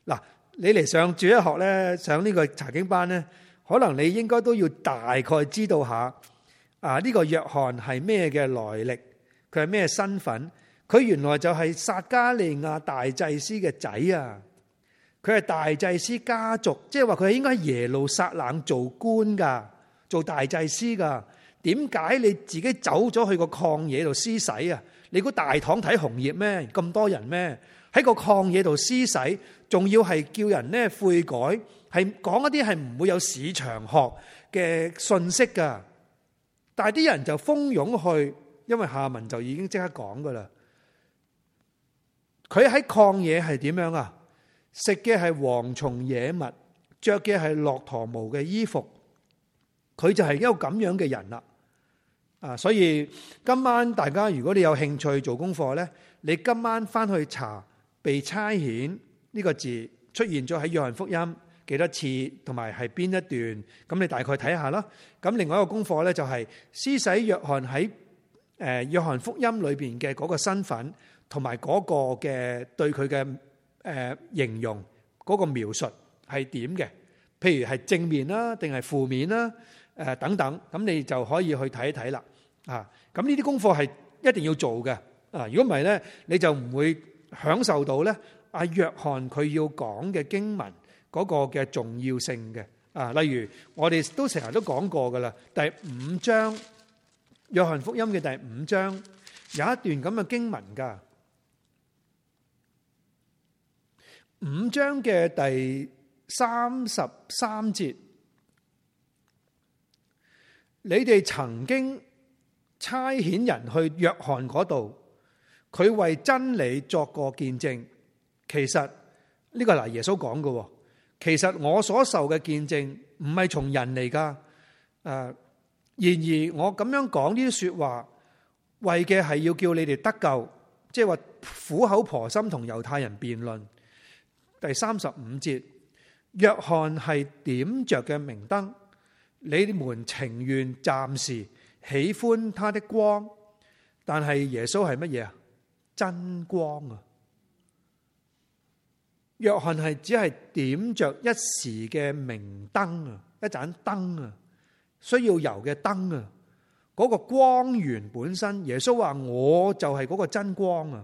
嗱，你嚟上主日學咧，上呢個查經班咧，可能你應該都要大概知道下啊，呢個約翰係咩嘅來歷，佢係咩身份？佢原來就係撒迦利亞大祭司嘅仔啊！佢係大祭司家族，即係話佢應該喺耶路撒冷做官噶，做大祭司噶。點解你自己走咗去個曠野度施洗啊？你估大棠睇紅葉咩？咁多人咩？喺個曠野度施洗，仲要係叫人咧悔改，係講一啲係唔會有市場學嘅信息噶。但係啲人就蜂擁去，因為下文就已經即刻講噶啦。佢喺曠野係點樣啊？食嘅係蝗蟲野蜜，着嘅係駱駝毛嘅衣服，佢就係一個咁樣嘅人啦。啊，所以今晚大家如果你有興趣做功課咧，你今晚翻去查被差遣呢個字出現咗喺約翰福音幾多次，同埋係邊一段，咁你大概睇下啦。咁另外一個功課咧就係施洗約翰喺誒約翰福音裏邊嘅嗰個身份，同埋嗰個嘅對佢嘅。誒，形容嗰個描述係點嘅？譬如係正面啦，定係負面啦？誒，等等，咁你就可以去睇一睇啦。啊，咁呢啲功課係一定要做嘅。啊，如果唔係咧，你就唔會享受到咧阿約翰佢要講嘅經文嗰個嘅重要性嘅。啊，例如我哋都成日都講過噶啦，第五章約翰福音嘅第五章有一段咁嘅經文噶。五章嘅第三十三節，你哋曾經差遣人去約翰嗰度，佢為真理作過見證。其實呢個嗱耶穌講嘅，其實我所受嘅見證唔係從人嚟噶。誒，然而我咁樣講呢啲說話，為嘅係要叫你哋得救，即係話苦口婆心同猶太人辯論。第三十五節，約翰係點着嘅明燈，你們情願暫時喜歡他的光，但係耶穌係乜嘢啊？真光啊！約翰係只係點着一時嘅明燈啊，一盞燈啊，需要油嘅燈啊，嗰個光源本身，耶穌話我就係嗰個真光啊。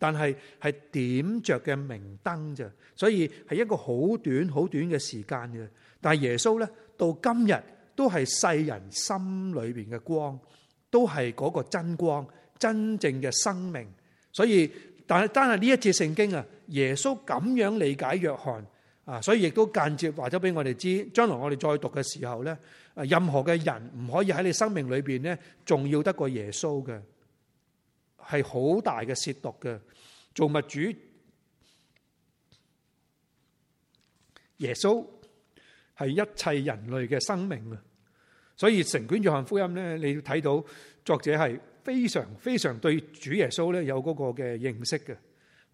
但係係點着嘅明燈啫，所以係一個好短、好短嘅時間嘅。但係耶穌咧，到今日都係世人心裏邊嘅光，都係嗰個真光、真正嘅生命。所以，但係單係呢一節聖經啊，耶穌咁樣理解約翰啊，所以亦都間接話咗俾我哋知，將來我哋再讀嘅時候咧，任何嘅人唔可以喺你生命裏邊咧，仲要得過耶穌嘅。.係好大嘅褻瀆嘅，造物主耶穌係一切人類嘅生命啊！所以《成卷約翰福音》咧，你要睇到作者係非常非常對主耶穌咧有嗰個嘅認識嘅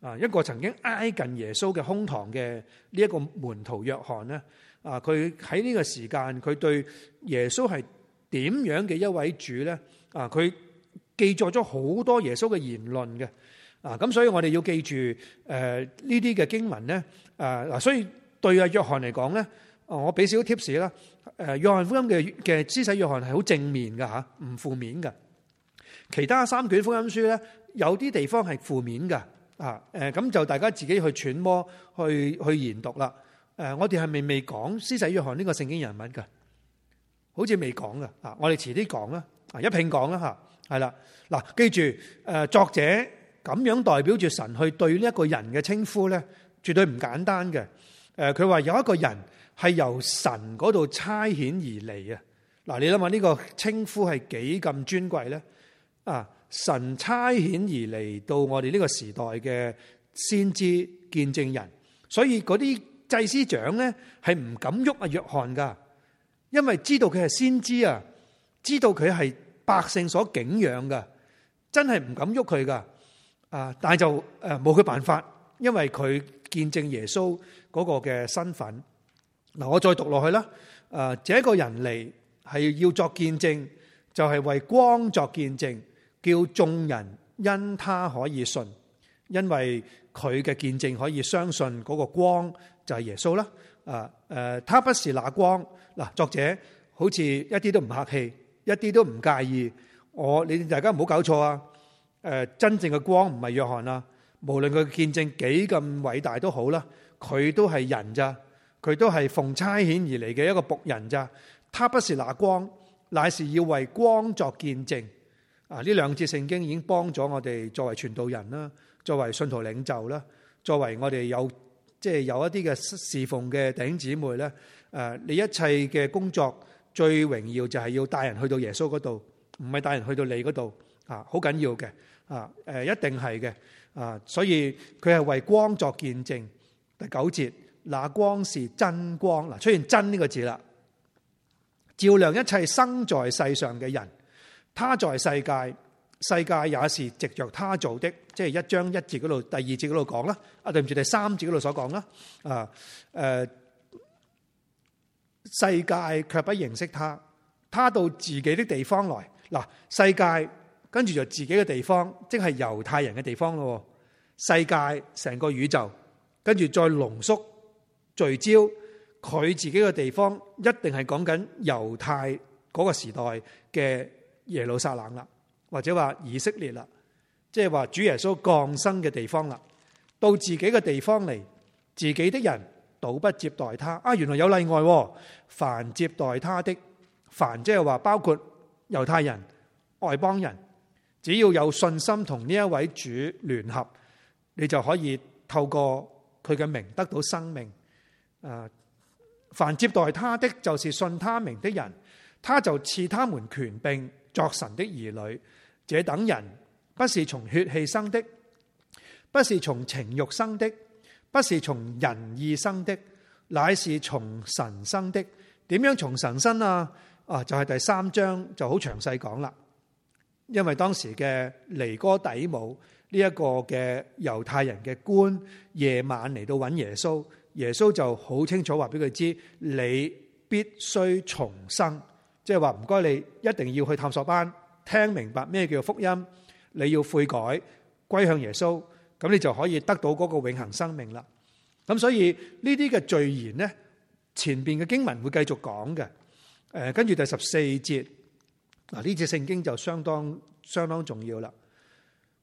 啊！一個曾經挨近耶穌嘅胸膛嘅呢一個門徒約翰咧啊，佢喺呢個時間佢對耶穌係點樣嘅一位主咧啊佢。他記載咗好多耶穌嘅言論嘅，啊咁，所以我哋要記住誒呢啲嘅經文咧，誒嗱，所以對啊約翰嚟講咧，我俾少啲 tips 啦。誒約翰福音嘅嘅施洗約翰係好正面嘅嚇，唔負面嘅。其他三卷福音書咧，有啲地方係負面嘅啊，誒咁就大家自己去揣摩，去去研讀啦。誒，我哋係咪未講施洗約翰呢個聖經人物嘅，好似未講嘅啊，我哋遲啲講啦，一拼講啦嚇。係啦，嗱，記住，誒，作者咁樣代表住神去對呢一個人嘅稱呼咧，絕對唔簡單嘅。誒、呃，佢話有一個人係由神嗰度差遣而嚟啊。嗱、呃，你諗下呢個稱呼係幾咁尊貴咧？啊，神差遣而嚟到我哋呢個時代嘅先知見證人，所以嗰啲祭司長咧係唔敢喐阿約翰噶，因為知道佢係先知啊，知道佢係。百姓所敬仰嘅，真係唔敢喐佢噶，啊！但係就誒冇佢辦法，因為佢見證耶穌嗰個嘅身份。嗱，我再讀落去啦。誒，這個人嚟係要作見證，就係為光作見證，叫眾人因他可以信，因為佢嘅見證可以相信嗰個光就係耶穌啦。啊誒，他不是那光。嗱，作者好似一啲都唔客氣。一啲都唔介意，我你大家唔好搞錯啊！誒，真正嘅光唔係約翰啊，無論佢見證幾咁偉大都好啦，佢都係人咋，佢都係奉差遣而嚟嘅一個僕人咋，他不是拿光，乃是要為光作見證。啊，呢兩節聖經已經幫咗我哋作為傳道人啦，作為信徒領袖啦，作為我哋有即係有一啲嘅侍奉嘅弟兄姊妹咧，誒，你一切嘅工作。最榮耀就係要帶人去到耶穌嗰度，唔係帶人去到你嗰度啊，好緊要嘅啊，誒，一定係嘅啊，所以佢係為光作見證。第九節，那光是真光，嗱，出現真呢個字啦，照亮一切生在世上嘅人，他在世界，世界也是藉着他做的，即係一章一節嗰度，第二節嗰度講啦，啊，對唔住，第三節嗰度所講啦，啊，誒。世界卻不認識他，他到自己的地方來。嗱，世界跟住就自己嘅地方，即係猶太人嘅地方咯。世界成個宇宙，跟住再濃縮聚焦，佢自己嘅地方一定係講緊猶太嗰個時代嘅耶路撒冷啦，或者話以色列啦，即係話主耶穌降生嘅地方啦。到自己嘅地方嚟，自己的人。好，不接待他啊！原來有例外啊，凡接待他的，凡即係話包括猶太人、外邦人，只要有信心同呢一位主聯合，你就可以透過佢嘅名得到生命。誒，凡接待他的就是信他名的人，他就賜他們權柄作神的兒女。這等人不是從血氣生的，不是從情欲生的。不是從人意生的，乃是從神生的。點樣從神生啊？啊，就係、是、第三章就好詳細講啦。因為當時嘅尼哥底母呢一個嘅猶太人嘅官，夜晚嚟到揾耶穌，耶穌就好清楚話俾佢知，你必須重生，即係話唔該你一定要去探索班，聽明白咩叫福音，你要悔改，歸向耶穌。咁你就可以得到嗰個永恆生命啦。咁所以呢啲嘅序言咧，前邊嘅經文會繼續講嘅。誒，跟住第十四節。嗱，呢節聖經就相當相當重要啦。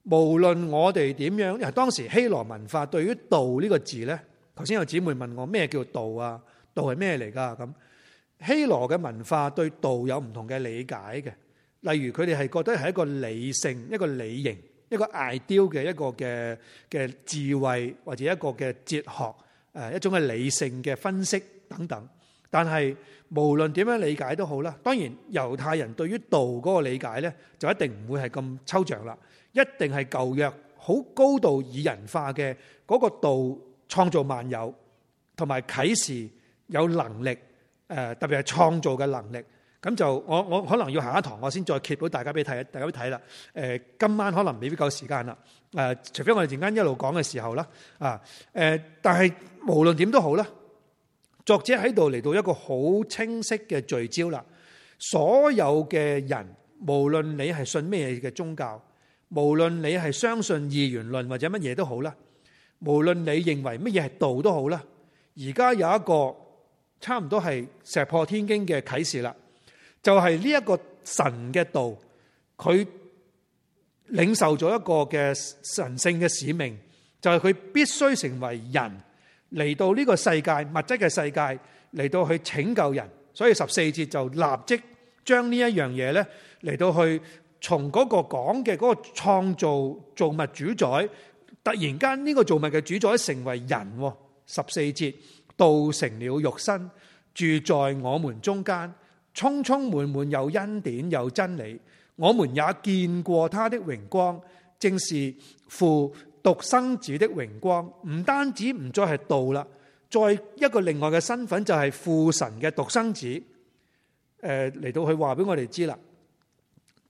無論我哋點樣，嗱，當時希羅文化對於道呢個字咧，頭先有姊妹問我咩叫道啊？道係咩嚟噶？咁希羅嘅文化對道有唔同嘅理解嘅。例如佢哋係覺得係一個理性，一個理型。一個 ideal 嘅一個嘅嘅智慧或者一個嘅哲學，一種嘅理性嘅分析等等。但係無論點樣理解都好啦，當然猶太人對於道嗰個理解咧，就一定唔會係咁抽象啦，一定係舊約好高度擬人化嘅嗰個道創造萬有，同埋啟示有能力、呃、特別係創造嘅能力。咁就我我可能要下一堂我先再揭到大家俾睇，大家都睇啦。今晚可能未必夠時間啦、呃。除非我哋陣間一路講嘅時候啦。啊，呃、但係無論點都好啦，作者喺度嚟到一個好清晰嘅聚焦啦。所有嘅人，無論你係信咩嘅宗教，無論你係相信二元論或者乜嘢都好啦，無論你認為乜嘢係道都好啦，而家有一個差唔多係石破天驚嘅啟示啦。就係、是、呢一個神嘅道，佢領受咗一個嘅神聖嘅使命，就係佢必須成為人嚟到呢個世界物質嘅世界，嚟到去拯救人，所以十四節就立即將呢一樣嘢呢嚟到去從嗰個講嘅嗰個創造造物主宰，突然間呢個造物嘅主宰成為人。十四節，道成了肉身，住在我們中間。匆匆滿滿有恩典有真理，我們也見過他的榮光，正是父獨生子的榮光。唔單止唔再係道啦，再一個另外嘅身份就係父神嘅獨生子。誒、呃、嚟到去話俾我哋知啦，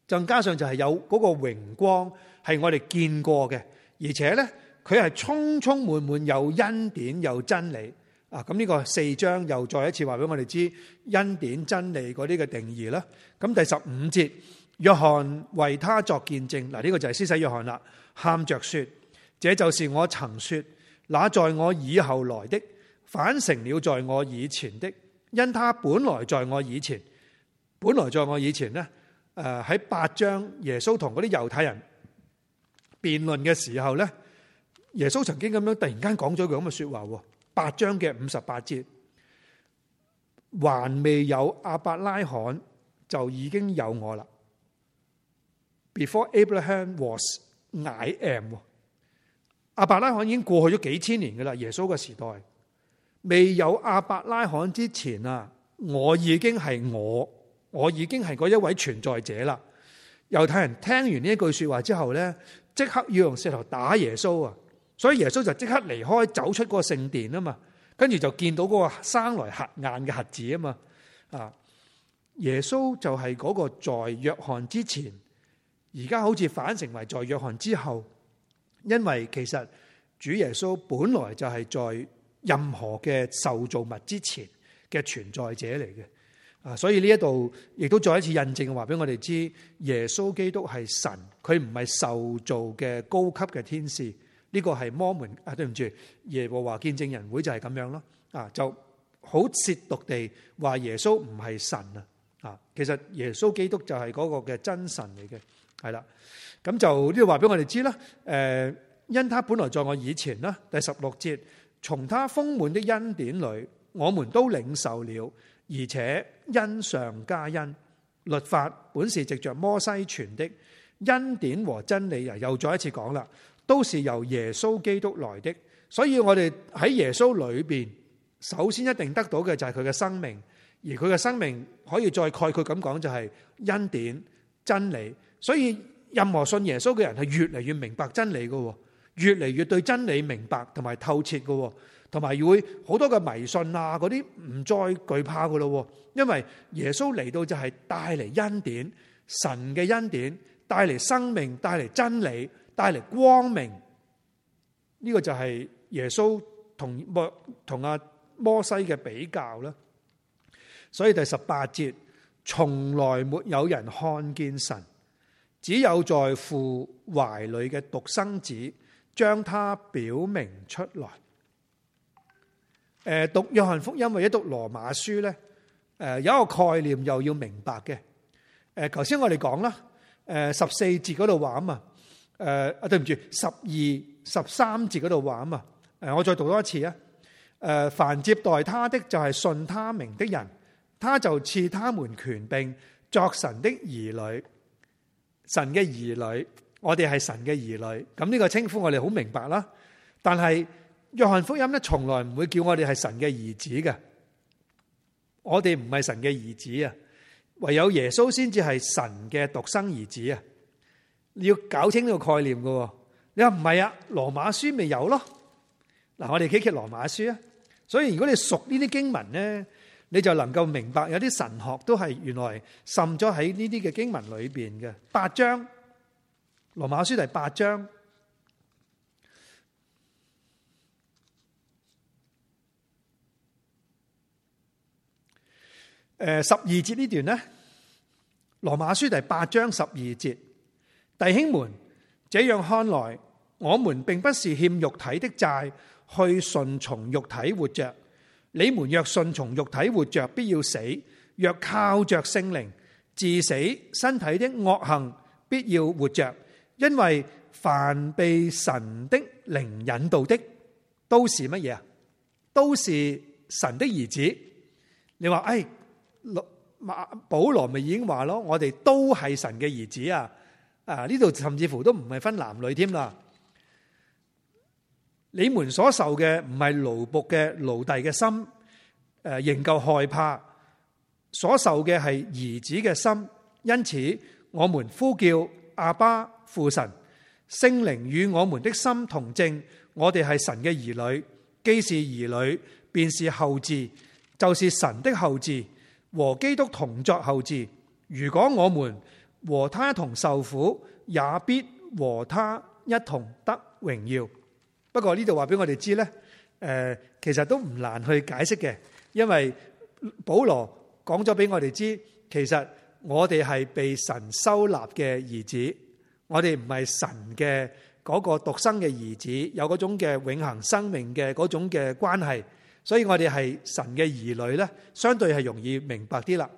再加上就係有嗰個榮光係我哋見過嘅，而且呢，佢係充充滿滿有恩典有真理。啊！咁呢個四章又再一次話俾我哋知恩典真理嗰啲嘅定義啦。咁第十五節，約翰為他作見證。嗱，呢個就係施洗約翰啦，喊着說：這就是我曾說，那在我以後來的，反成了在我以前的，因他本來在我以前，本來在我以前呢。誒，喺八章耶穌同嗰啲猶太人辯論嘅時候呢，耶穌曾經咁樣突然間講咗句咁嘅說話喎。八章嘅五十八節，還未有阿伯拉罕就已經有我啦。Before Abraham was I am，阿伯拉罕已經過去咗幾千年噶啦，耶穌嘅時代，未有阿伯拉罕之前啊，我已經係我，我已經係嗰一位存在者啦。猶太人聽完呢一句說話之後咧，即刻要用石頭打耶穌啊！所以耶穌就即刻離開，走出個聖殿啊嘛，跟住就見到嗰個生來瞎眼嘅瞎子啊嘛，啊耶穌就係嗰個在約翰之前，而家好似反成為在約翰之後，因為其實主耶穌本來就係在任何嘅受造物之前嘅存在者嚟嘅。啊所以呢一度亦都再一次印證話俾我哋知，耶穌基督係神，佢唔係受造嘅高級嘅天使。呢、這個係魔門啊？對唔住，耶和華見證人會就係咁樣咯啊，就好褻瀆地話耶穌唔係神啊！啊，其實耶穌基督就係嗰個嘅真神嚟嘅，係啦。咁就呢度話俾我哋知啦。誒，因他本來在我以前啦，第十六節，從他豐滿的恩典裏，我們都領受了，而且恩上加恩，律法本是藉着摩西傳的，恩典和真理啊，又再一次講啦。都是由耶穌基督來的，所以我哋喺耶穌裏邊，首先一定得到嘅就係佢嘅生命，而佢嘅生命可以再概括咁講就係恩典真理。所以任何信耶穌嘅人係越嚟越明白真理嘅，越嚟越對真理明白同埋透徹嘅，同埋會好多嘅迷信啊嗰啲唔再懼怕嘅咯，因為耶穌嚟到就係帶嚟恩典，神嘅恩典，帶嚟生命，帶嚟真理。帶嚟光明，呢、這個就係耶穌同摩同阿摩西嘅比較啦。所以第十八節，從來沒有人看見神，只有在父懷裏嘅獨生子將他表明出來。誒，讀約翰福音或者讀羅馬書咧，誒，有一個概念又要明白嘅。誒，頭先我哋講啦，誒十四節嗰度話啊嘛。誒，啊，對唔住，十二十三節嗰度話啊嘛，誒、呃，我再讀多一次啊。誒、呃，凡接待他的就係信他名的人，他就賜他們權柄，作神的兒女。神嘅兒女，我哋係神嘅兒女。咁呢個稱呼我哋好明白啦。但係約翰福音咧，從來唔會叫我哋係神嘅兒子嘅。我哋唔係神嘅兒子啊，唯有耶穌先至係神嘅獨生兒子啊。你要搞清呢個概念嘅，你話唔係啊？羅馬書咪有咯？嗱，我哋幾揭羅馬書啊？所以如果你熟呢啲經文咧，你就能夠明白有啲神學都係原來滲咗喺呢啲嘅經文裏邊嘅。八章羅馬書第八章，誒，十二節呢段咧，羅馬書第八章十二節。弟兄們，這樣看來，我們並不是欠肉體的債，去順從肉體活着。你們若順從肉體活着，必要死；若靠着聖靈，治死身體的惡行，必要活着。因為凡被神的靈引導的，都是乜嘢啊？都是神的兒子。你話，哎，嘛保羅咪已經話咯，我哋都係神嘅兒子啊！啊！呢度甚至乎都唔係分男女添啦。你們所受嘅唔係奴僕嘅奴隸嘅心，誒、呃，仍舊害怕。所受嘅係兒子嘅心，因此我們呼叫阿爸父神，聖靈與我們的心同證。我哋係神嘅兒女，既是兒女，便是後嗣，就是神的後嗣，和基督同作後嗣。如果我們和他一同受苦，也必和他一同得榮耀。不過呢度話俾我哋知呢，誒，其實都唔難去解釋嘅，因為保羅講咗俾我哋知，其實我哋係被神收納嘅兒子，我哋唔係神嘅嗰個獨生嘅兒子，有嗰種嘅永恒生命嘅嗰種嘅關係，所以我哋係神嘅兒女呢，相對係容易明白啲啦。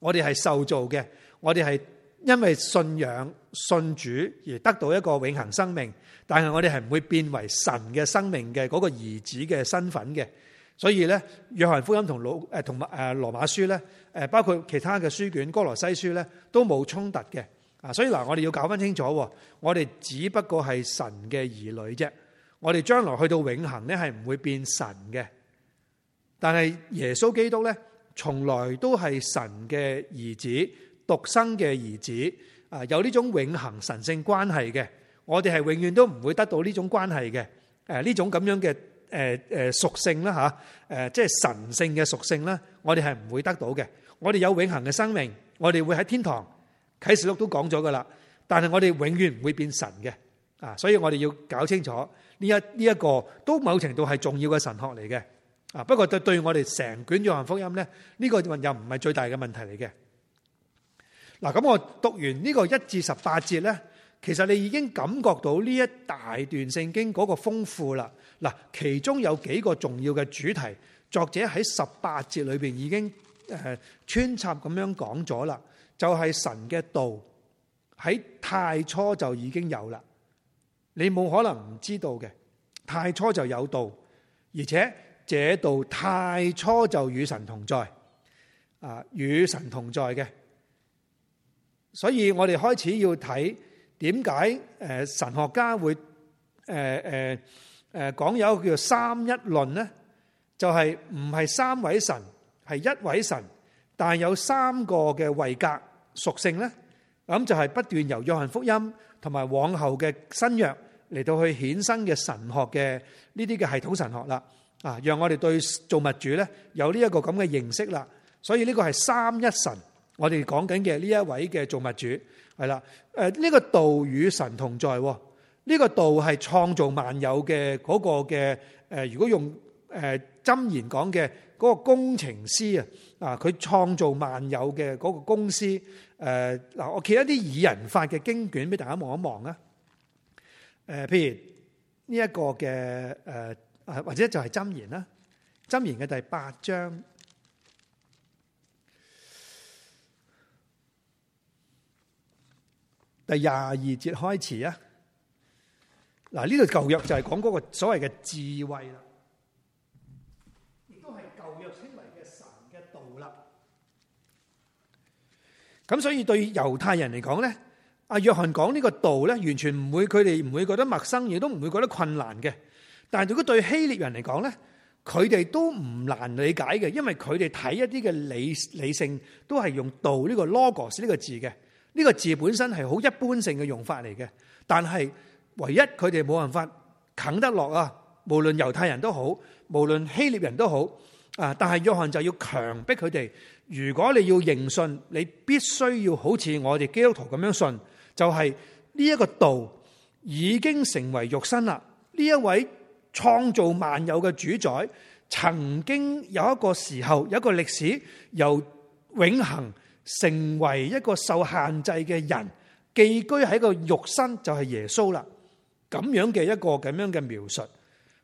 我哋係受造嘅。我哋係因為信仰信主而得到一個永恒生命，但係我哋係唔會變為神嘅生命嘅嗰個兒子嘅身份嘅，所以咧，約翰福音同老誒同誒羅馬書咧誒，包括其他嘅書卷，哥羅西書咧都冇衝突嘅啊。所以嗱，我哋要搞分清楚，我哋只不過係神嘅兒女啫。我哋將來去到永恒咧，係唔會變神嘅，但係耶穌基督咧，從來都係神嘅兒子。獨生嘅兒子啊，有呢種永恒神聖關係嘅，我哋係永遠都唔會得到呢種關係嘅，誒呢種咁樣嘅誒誒屬性啦吓，誒即係神聖嘅屬性啦，我哋係唔會得到嘅。我哋有永恒嘅生命，我哋會喺天堂。啟示錄都講咗噶啦，但係我哋永遠唔會變神嘅啊，所以我哋要搞清楚呢一呢一個都某程度係重要嘅神學嚟嘅啊。不過對對我哋成卷約翰福音咧，呢個又唔係最大嘅問題嚟嘅。嗱，咁我讀完呢個一至十八節咧，其實你已經感覺到呢一大段聖經嗰個豐富啦。嗱，其中有幾個重要嘅主題，作者喺十八節裏邊已經誒穿插咁樣講咗啦。就係神嘅道喺太初就已經有啦，你冇可能唔知道嘅。太初就有道，而且這道太初就與神同在，啊，與神同在嘅。所以我哋開始要睇點解誒神學家會誒誒誒講有叫做三一論咧，就係唔係三位神係一位神，但係有三個嘅位格屬性咧。咁就係不斷由約翰福音同埋往後嘅新約嚟到去衍生嘅神學嘅呢啲嘅系統神學啦。啊，讓我哋對造物主咧有呢一個咁嘅認識啦。所以呢個係三一神。我哋講緊嘅呢一位嘅造物主係啦，呢個道與神同在喎，呢個道係創造萬有嘅嗰個嘅，如果用箴言講嘅嗰個工程師啊，啊，佢創造萬有嘅嗰個公司，嗱我企一啲擬人化嘅經卷俾大家望一望啊，誒譬如呢一個嘅誒或者就係箴言啦，箴言嘅第八章。第廿二節開始啊，嗱呢度舊約就係講嗰個所謂嘅智慧啦，亦都係舊約稱為嘅神嘅道啦。咁所以對猶太人嚟講咧，阿約翰講呢個道咧，完全唔會佢哋唔會覺得陌生，亦都唔會覺得困難嘅。但係如果對希臘人嚟講咧，佢哋都唔難理解嘅，因為佢哋睇一啲嘅理理性都係用道呢個 logos 呢個字嘅。呢個字本身係好一般性嘅用法嚟嘅，但係唯一佢哋冇辦法啃得落啊！無論猶太人都好，無論希臘人都好啊！但係約翰就要強迫佢哋，如果你要認信，你必須要好似我哋基督徒咁樣信，就係呢一個道已經成為肉身啦！呢一位創造萬有嘅主宰，曾經有一個時候，有一個歷史由永恆。成為一個受限制嘅人，寄居喺個肉身就係、是、耶穌啦。咁樣嘅一個咁樣嘅描述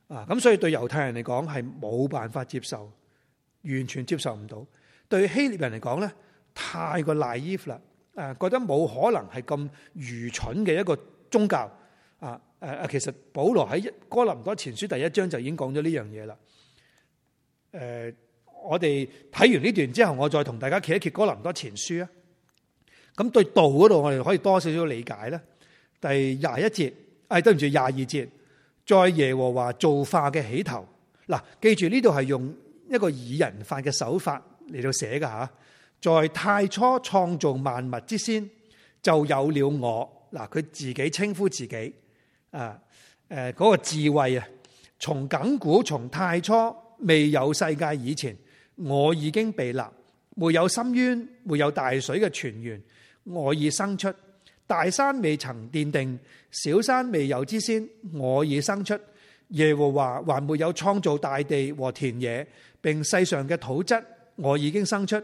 啊，咁所以對猶太人嚟講係冇辦法接受，完全接受唔到。對希臘人嚟講咧，太過 naive 了，誒、啊，覺得冇可能係咁愚蠢嘅一個宗教啊。誒、啊、誒，其實保羅喺哥林多前書第一章就已經講咗呢樣嘢啦。誒、啊。我哋睇完呢段之後，我再同大家企一企歌林多前書啊。咁對道嗰度，我哋可以多少少理解咧。第廿一節，誒，對唔住，廿二節，在耶和華造化嘅起頭，嗱，記住呢度係用一個擬人化嘅手法嚟到寫嘅吓。在太初創造萬物之先，就有了我，嗱，佢自己稱呼自己，啊，誒，嗰個智慧啊，從亘古，從太初，未有世界以前。我已經被立，沒有深淵、沒有大水嘅泉源，我已生出；大山未曾奠定，小山未有之先，我已生出。耶和華還沒有創造大地和田野，並世上嘅土質，我已經生出。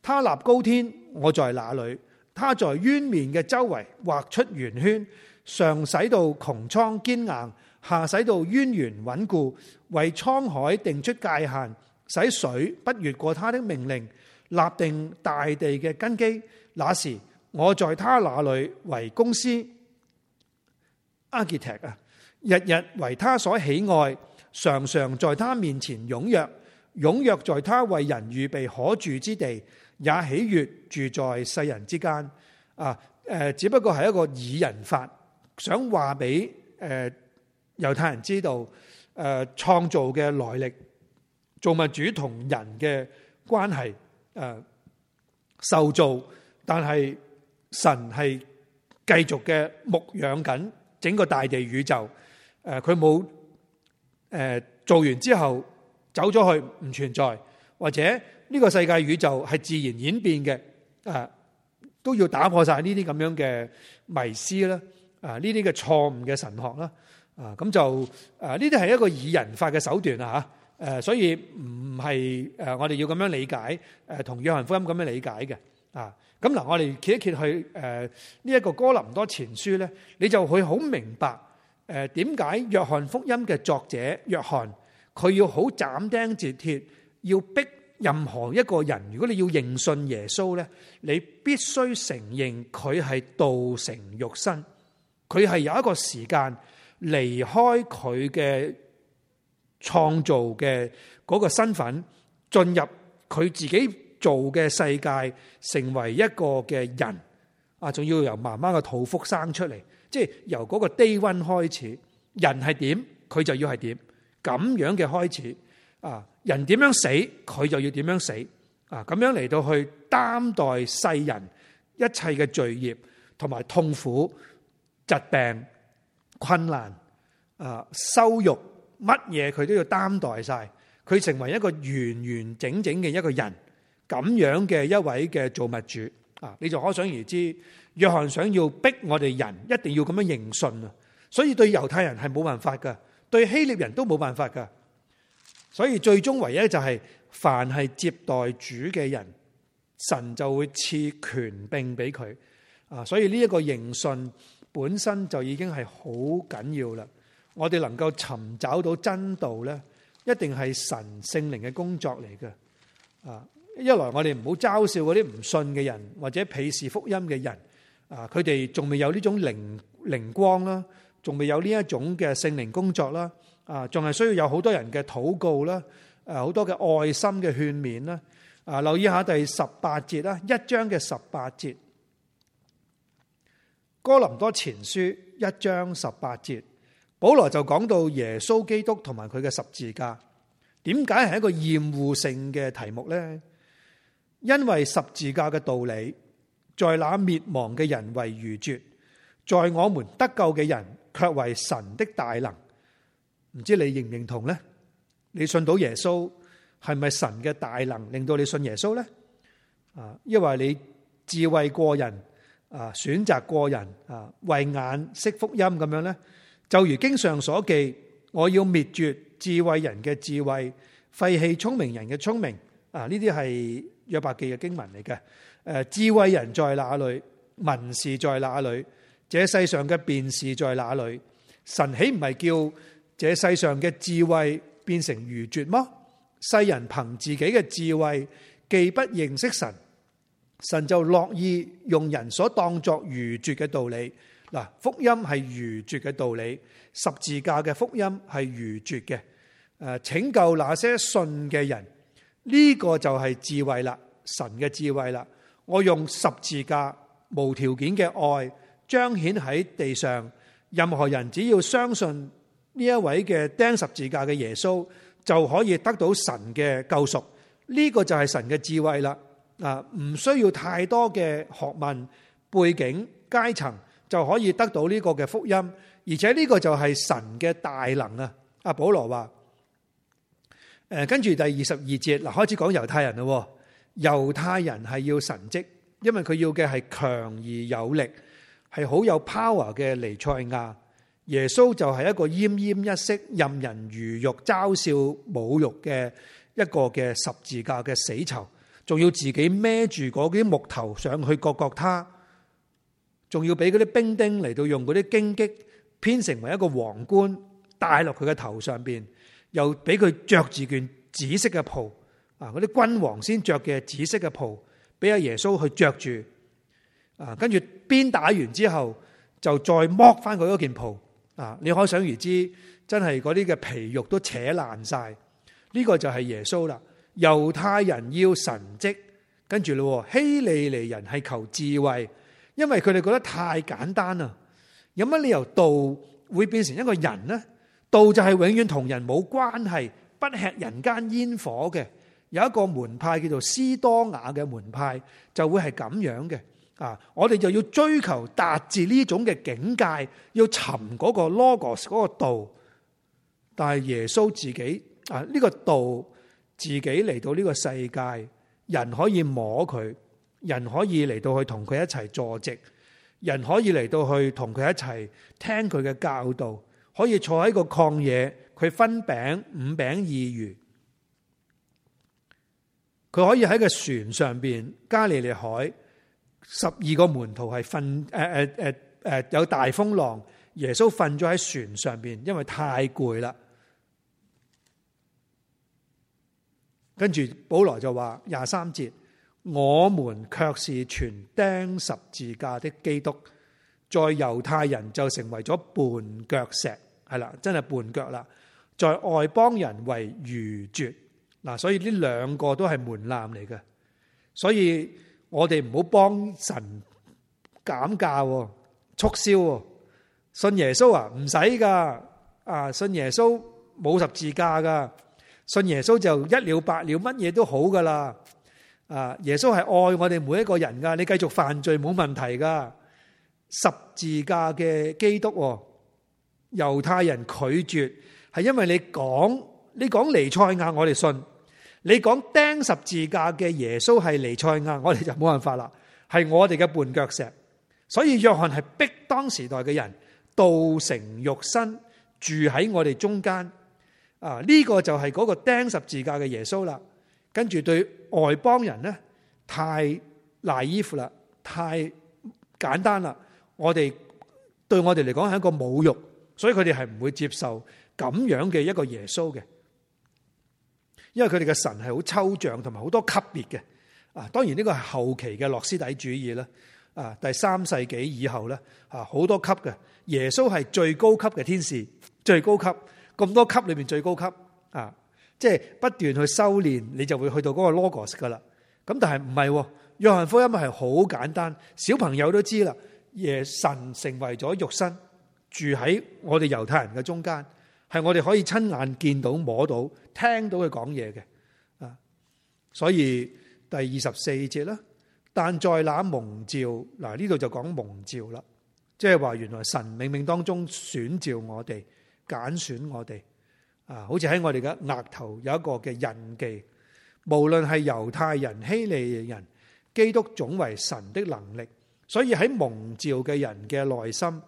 他立高天，我在那裏，他在淵面嘅周圍畫出圓圈，上使到穹蒼堅硬，下使到淵源穩固，為滄海定出界限。使水不越過他的命令，立定大地嘅根基。那時我在他那裏為工師 architect，啊，日日為他所喜愛，常常在他面前踊躍，踊躍在他為人預備可住之地，也喜悅住在世人之間。啊，誒，只不過係一個擬人法，想話俾誒，猶太人知道，誒，創造嘅來歷。造物主同人嘅關係，誒，受造，但係神係繼續嘅牧養緊整個大地宇宙，誒，佢冇，誒，做完之後走咗去唔存在，或者呢個世界宇宙係自然演變嘅，啊，都要打破晒呢啲咁樣嘅迷思啦，啊，呢啲嘅錯誤嘅神學啦，啊，咁就，啊，呢啲係一個以人法嘅手段啊。誒，所以唔係誒，我哋要咁樣理解誒，同約翰福音咁樣理解嘅啊。咁嗱，我哋揭一揭去誒呢一個哥林多前書咧，你就會好明白誒，點解約翰福音嘅作者約翰佢要好斬釘截鐵，要逼任何一個人，如果你要認信耶穌咧，你必須承認佢係道成肉身，佢係有一個時間離開佢嘅。創造嘅嗰個身份，進入佢自己做嘅世界，成為一個嘅人啊，仲要由媽媽嘅肚腹生出嚟，即係由嗰個低溫開始，人係點，佢就要係點，咁樣嘅開始啊，人點樣死，佢就要點樣死啊，咁樣嚟到去擔待世人一切嘅罪孽同埋痛苦、疾病、困難啊、羞辱。乜嘢佢都要擔待晒，佢成為一個完完整整嘅一個人，咁樣嘅一位嘅造物主啊，你就可想而知。約翰想要逼我哋人一定要咁樣認信啊，所以對猶太人係冇辦法噶，對希臘人都冇辦法噶。所以最終唯一就係、是，凡係接待主嘅人，神就會賜權柄俾佢啊。所以呢一個認信本身就已經係好緊要啦。我哋能夠尋找到真道咧，一定係神聖靈嘅工作嚟嘅。啊，一來我哋唔好嘲笑嗰啲唔信嘅人或者鄙視福音嘅人。啊，佢哋仲未有呢種靈靈光啦，仲未有呢一種嘅聖靈工作啦。啊，仲係需要有好多人嘅禱告啦，誒，好多嘅愛心嘅勸勉啦。啊，留意一下第十八節啦，一章嘅十八節，《哥林多前書》一章十八節。保羅就講到耶穌基督同埋佢嘅十字架，點解係一個厭惡性嘅題目咧？因為十字架嘅道理，在那滅亡嘅人為愚拙，在我們得救嘅人卻為神的大能。唔知你認唔認同咧？你信到耶穌係咪神嘅大能令到你信耶穌咧？啊，因為你智慧過人，啊，選擇過人，啊，慧眼識福音咁樣咧？就如經上所記，我要滅絕智慧人嘅智慧，廢棄聰明人嘅聰明。啊，呢啲係約伯記嘅經文嚟嘅。誒，智慧人在哪裏？文士在哪裏？這世上嘅辯士在哪裏？神豈唔係叫這世上嘅智慧變成愚拙麼？世人憑自己嘅智慧，既不認識神，神就樂意用人所當作愚拙嘅道理。嗱，福音係愚拙嘅道理，十字架嘅福音係愚拙嘅。誒，拯救那些信嘅人，呢個就係智慧啦，神嘅智慧啦。我用十字架無條件嘅愛彰顯喺地上，任何人只要相信呢一位嘅釘十字架嘅耶穌，就可以得到神嘅救贖。呢個就係神嘅智慧啦。啊，唔需要太多嘅學問背景階層。就可以得到呢個嘅福音，而且呢個就係神嘅大能啊！阿保羅話：誒，跟住第二十二節嗱，開始講猶太人咯。猶太人係要神蹟，因為佢要嘅係強而有力，係好有 power 嘅彌賽亞。耶穌就係一個奄奄一息、任人魚肉、嘲笑侮辱嘅一個嘅十字架嘅死囚，仲要自己孭住嗰啲木頭上去各各他。仲要俾嗰啲兵丁嚟到用嗰啲荊棘編成為一個皇冠戴落佢嘅頭上邊，又俾佢着住件紫色嘅袍，啊，嗰啲君王先着嘅紫色嘅袍，俾阿耶穌去着住，啊，跟住鞭打完之後就再剝翻佢嗰件袍，啊，你可想而知，真係嗰啲嘅皮肉都扯爛晒，呢個就係耶穌啦。猶太人要神蹟，跟住咯，希利尼人係求智慧。因為佢哋覺得太簡單啦，有乜理由道會變成一個人呢？道就係永遠同人冇關係，不吃人間煙火嘅。有一個門派叫做斯多亞嘅門派就會係咁樣嘅。啊，我哋就要追求達至呢種嘅境界，要尋嗰個 Logos 嗰個道。但係耶穌自己啊，呢個道自己嚟到呢個世界，人可以摸佢。人可以嚟到去同佢一齊坐席，人可以嚟到去同佢一齊聽佢嘅教導，可以坐喺個曠野佢分餅五餅二魚，佢可以喺個船上邊加利利海，十二個門徒係瞓誒誒誒誒有大風浪，耶穌瞓咗喺船上邊，因為太攰啦。跟住保羅就話廿三節。我們卻是全釘十字架的基督，在猶太人就成為咗絆腳石，係啦，真係絆腳啦。在外邦人為愚拙，嗱，所以呢兩個都係門檻嚟嘅。所以我哋唔好幫神減價促銷，信耶穌啊，唔使噶，啊，信耶穌冇十字架噶，信耶穌就一了百了，乜嘢都好噶啦。啊！耶穌係愛我哋每一個人噶，你繼續犯罪冇問題噶。十字架嘅基督，猶太人拒絕係因為你講你講彌賽亞我哋信，你講釘十字架嘅耶穌係彌賽亞，我哋就冇辦法啦，係我哋嘅絆腳石。所以約翰係逼當時代嘅人，道成肉身住喺我哋中間。啊！呢個就係嗰個釘十字架嘅耶穌啦。跟住對。外邦人咧，太賴衣服啦，太簡單啦。我哋對我哋嚟講係一個侮辱，所以佢哋係唔會接受咁樣嘅一個耶穌嘅，因為佢哋嘅神係好抽象，同埋好多級別嘅啊。當然呢個係後期嘅諾斯底主義啦，啊，第三世紀以後咧啊，好多級嘅耶穌係最高級嘅天使，最高級，咁多級裏面最高級啊。即係不斷去修煉，你就會去到嗰個 Logos 噶啦。咁但係唔係，約翰福音係好簡單，小朋友都知啦。耶神成為咗肉身，住喺我哋猶太人嘅中間，係我哋可以親眼見到、摸到、聽到佢講嘢嘅。啊，所以第二十四節啦，但在那蒙召，嗱呢度就講蒙召啦，即係話原來神冥冥當中選召我哋，揀選我哋。啊，好似喺我哋嘅額頭有一個嘅印記，無論係猶太人、希利人、基督總為神的能力，所以喺蒙召嘅人嘅內心，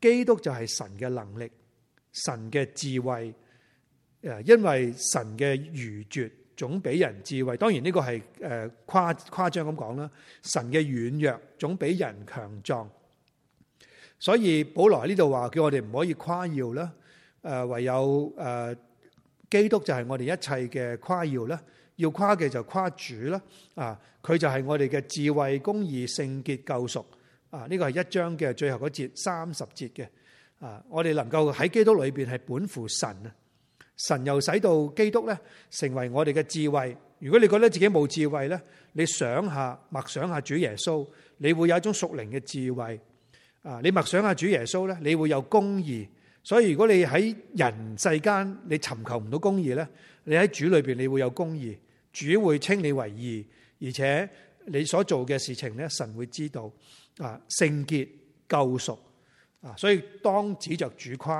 基督就係神嘅能力、神嘅智慧。誒，因為神嘅愚拙總比人智慧，當然呢個係誒誇誇張咁講啦。神嘅軟弱總比人強壯，所以保羅喺呢度話叫我哋唔可以誇耀啦。誒，唯有誒，基督就係我哋一切嘅誇耀啦。要誇嘅就誇主啦。啊，佢就係我哋嘅智慧、公義、聖潔救、救贖。啊，呢個係一章嘅最後嗰節三十節嘅。啊，我哋能夠喺基督裏邊係本乎神啊。神又使到基督咧成為我哋嘅智慧。如果你覺得自己冇智慧咧，你想下默想下主耶穌，你會有一種屬靈嘅智慧。啊，你默想下主耶穌咧，你會有公義。所以如果你喺人世間你尋求唔到公義呢，你喺主裏邊你會有公義，主會稱你為義，而且你所做嘅事情呢，神會知道，啊，聖潔救贖啊，所以當指着主誇口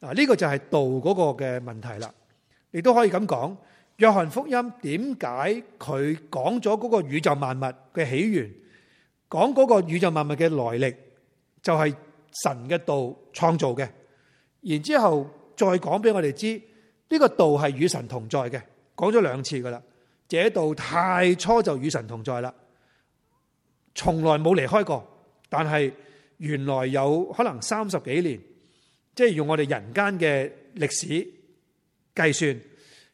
啊呢，呢個就係道嗰個嘅問題啦，你都可以咁講。約翰福音點解佢講咗嗰個宇宙萬物嘅起源，講嗰個宇宙萬物嘅來歷，就係、是、神嘅道創造嘅。然之後再講俾我哋知呢個道係與神同在嘅，講咗兩次噶啦。這道太初就與神同在啦，從來冇離開過。但係原來有可能三十幾年，即係用我哋人間嘅歷史計算，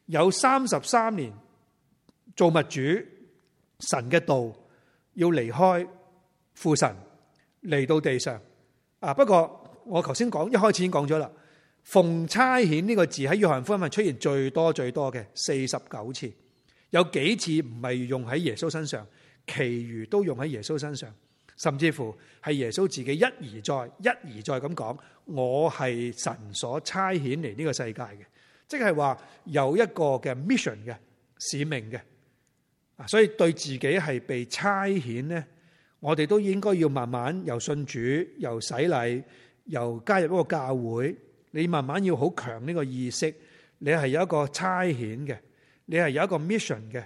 有三十三年做物主。神嘅道要離開父神嚟到地上啊！不過。我頭先講，一開始已經講咗啦，奉差遣呢個字喺約翰福音係出現最多最多嘅，四十九次，有幾次唔係用喺耶穌身上，其餘都用喺耶穌身上，甚至乎係耶穌自己一而再一而再咁講，我係神所差遣嚟呢個世界嘅。即係話有一個嘅 mission 嘅使命嘅，啊，所以對自己係被差遣呢，我哋都應該要慢慢由信主，由洗禮，又加入嗰個教會，你慢慢要好強呢個意識，你係有一個差遣嘅，你係有一個 mission 嘅，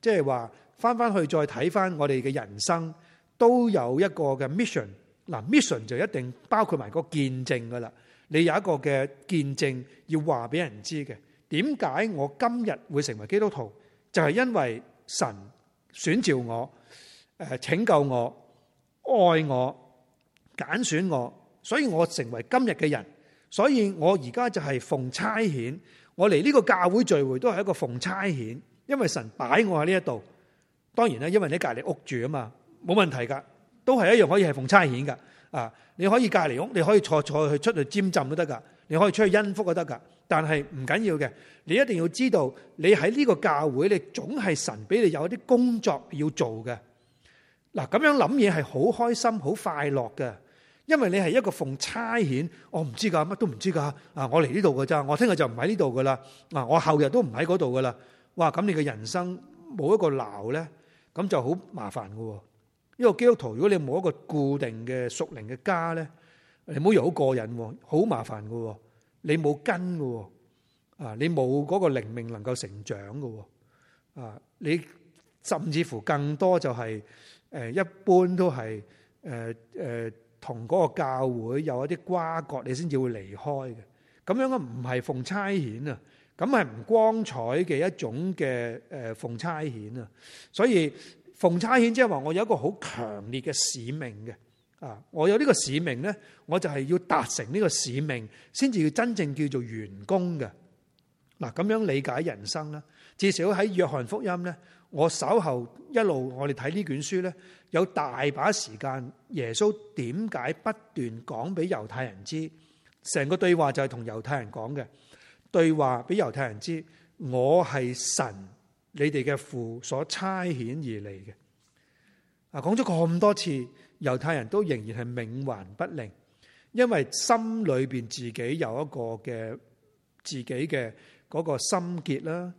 即係話翻翻去再睇翻我哋嘅人生，都有一個嘅 mission。嗱，mission 就一定包括埋個見證噶啦。你有一個嘅見證要話俾人知嘅。點解我今日會成為基督徒？就係因為神選召我，誒拯救我，愛我，揀選我。所以我成為今日嘅人，所以我而家就係奉差遣。我嚟呢個教會聚會都係一個奉差遣，因為神擺我喺呢一度。當然啦，因為你隔離屋住啊嘛，冇問題噶，都係一樣可以係奉差遣噶。啊，你可以隔離屋，你可以坐坐出去出去尖浸都得噶，你可以出去恩福都得噶。但係唔緊要嘅，你一定要知道，你喺呢個教會你總係神俾你有一啲工作要做嘅。嗱，咁樣諗嘢係好開心、好快樂嘅。因為你係一個奉差遣，我唔知噶，乜都唔知噶。啊，我嚟呢度噶咋，我聽日就唔喺呢度噶啦。嗱，我後日都唔喺嗰度噶啦。哇，咁你嘅人生冇一個牢咧，咁就好麻煩噶。呢個基督徒如果你冇一個固定嘅屬靈嘅家咧，你唔好以為好過癮，好麻煩噶。你冇根噶，啊，你冇嗰個靈命能夠成長噶。啊，你甚至乎更多就係，誒，一般都係，誒，誒。同嗰個教會有一啲瓜葛，你先至會離開嘅。咁樣唔係奉差遣啊，咁係唔光彩嘅一種嘅誒奉差遣啊。所以奉差遣即係話我有一個好強烈嘅使命嘅啊！我有呢個使命咧，我就係要達成呢個使命，先至要真正叫做完工嘅。嗱，咁樣理解人生啦。至少喺約翰福音咧。我稍後一路，我哋睇呢卷書呢，有大把時間。耶穌點解不斷講俾猶太人知？成個對話就係同猶太人講嘅對話，俾猶太人知我係神，你哋嘅父所差遣而嚟嘅。啊，講咗咁多次，猶太人都仍然係冥頑不靈，因為心裏邊自己有一個嘅自己嘅嗰個心結啦。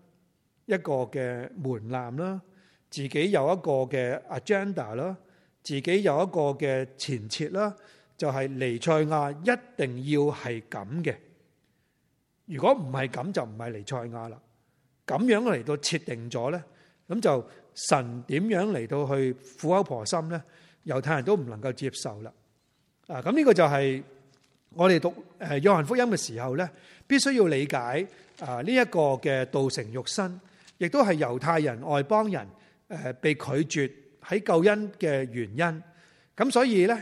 一個嘅門檻啦，自己有一個嘅 agenda 啦，自己有一個嘅前設啦，就係、是、彌賽亞一定要係咁嘅。如果唔係咁，就唔係彌賽亞啦。咁樣嚟到設定咗咧，咁就神點樣嚟到去苦口婆心咧？猶太人都唔能夠接受啦。啊，咁、這、呢個就係我哋讀誒約翰福音嘅時候咧，必須要理解啊呢一個嘅道成肉身。亦都係猶太人外邦人誒被拒絕喺救恩嘅原因，咁所以咧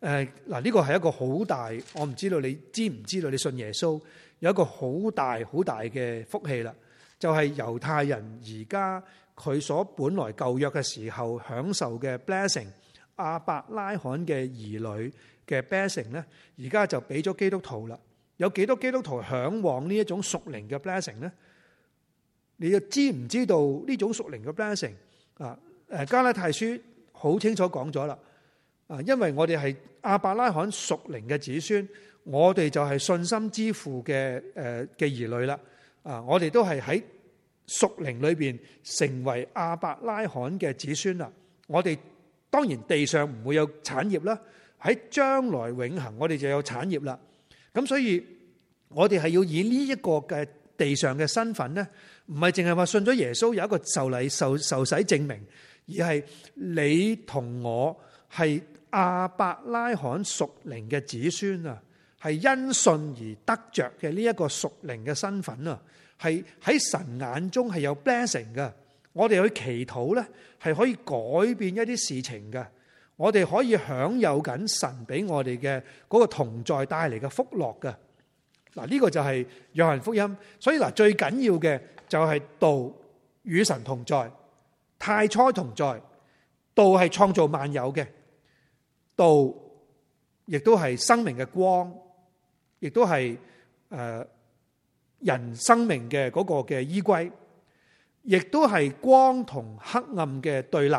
誒嗱，呢個係一個好大，我唔知道你知唔知道你信耶穌有一個好大好大嘅福氣啦，就係猶太人而家佢所本來舊約嘅時候享受嘅 blessing，阿伯拉罕嘅兒女嘅 blessing 咧，而家就俾咗基督徒啦，有幾多基督徒嚮往呢一種屬靈嘅 blessing 咧？你要知唔知道呢種屬靈嘅 blessing 啊？誒加拉太書好清楚講咗啦。啊，因為我哋係亞伯拉罕屬靈嘅子孫，我哋就係信心之父嘅誒嘅兒女啦。啊，我哋都係喺屬靈裏邊成為亞伯拉罕嘅子孫啦。我哋當然地上唔會有產業啦，喺將來永恆我哋就有產業啦。咁所以我哋係要以呢一個嘅。地上嘅身份咧，唔係淨係話信咗耶穌有一個受禮受受洗證明，而係你同我係亞伯拉罕屬靈嘅子孫啊，係因信而得着嘅呢一個屬靈嘅身份啊，係喺神眼中係有 blessing 嘅。我哋去祈禱咧，係可以改變一啲事情嘅。我哋可以享有緊神俾我哋嘅嗰個同在帶嚟嘅福樂嘅。嗱，呢個就係約翰福音。所以嗱，最緊要嘅就係道與神同在，太初同在。道係創造萬有嘅，道亦都係生命嘅光，亦都係誒人生命嘅嗰個嘅依歸，亦都係光同黑暗嘅對立。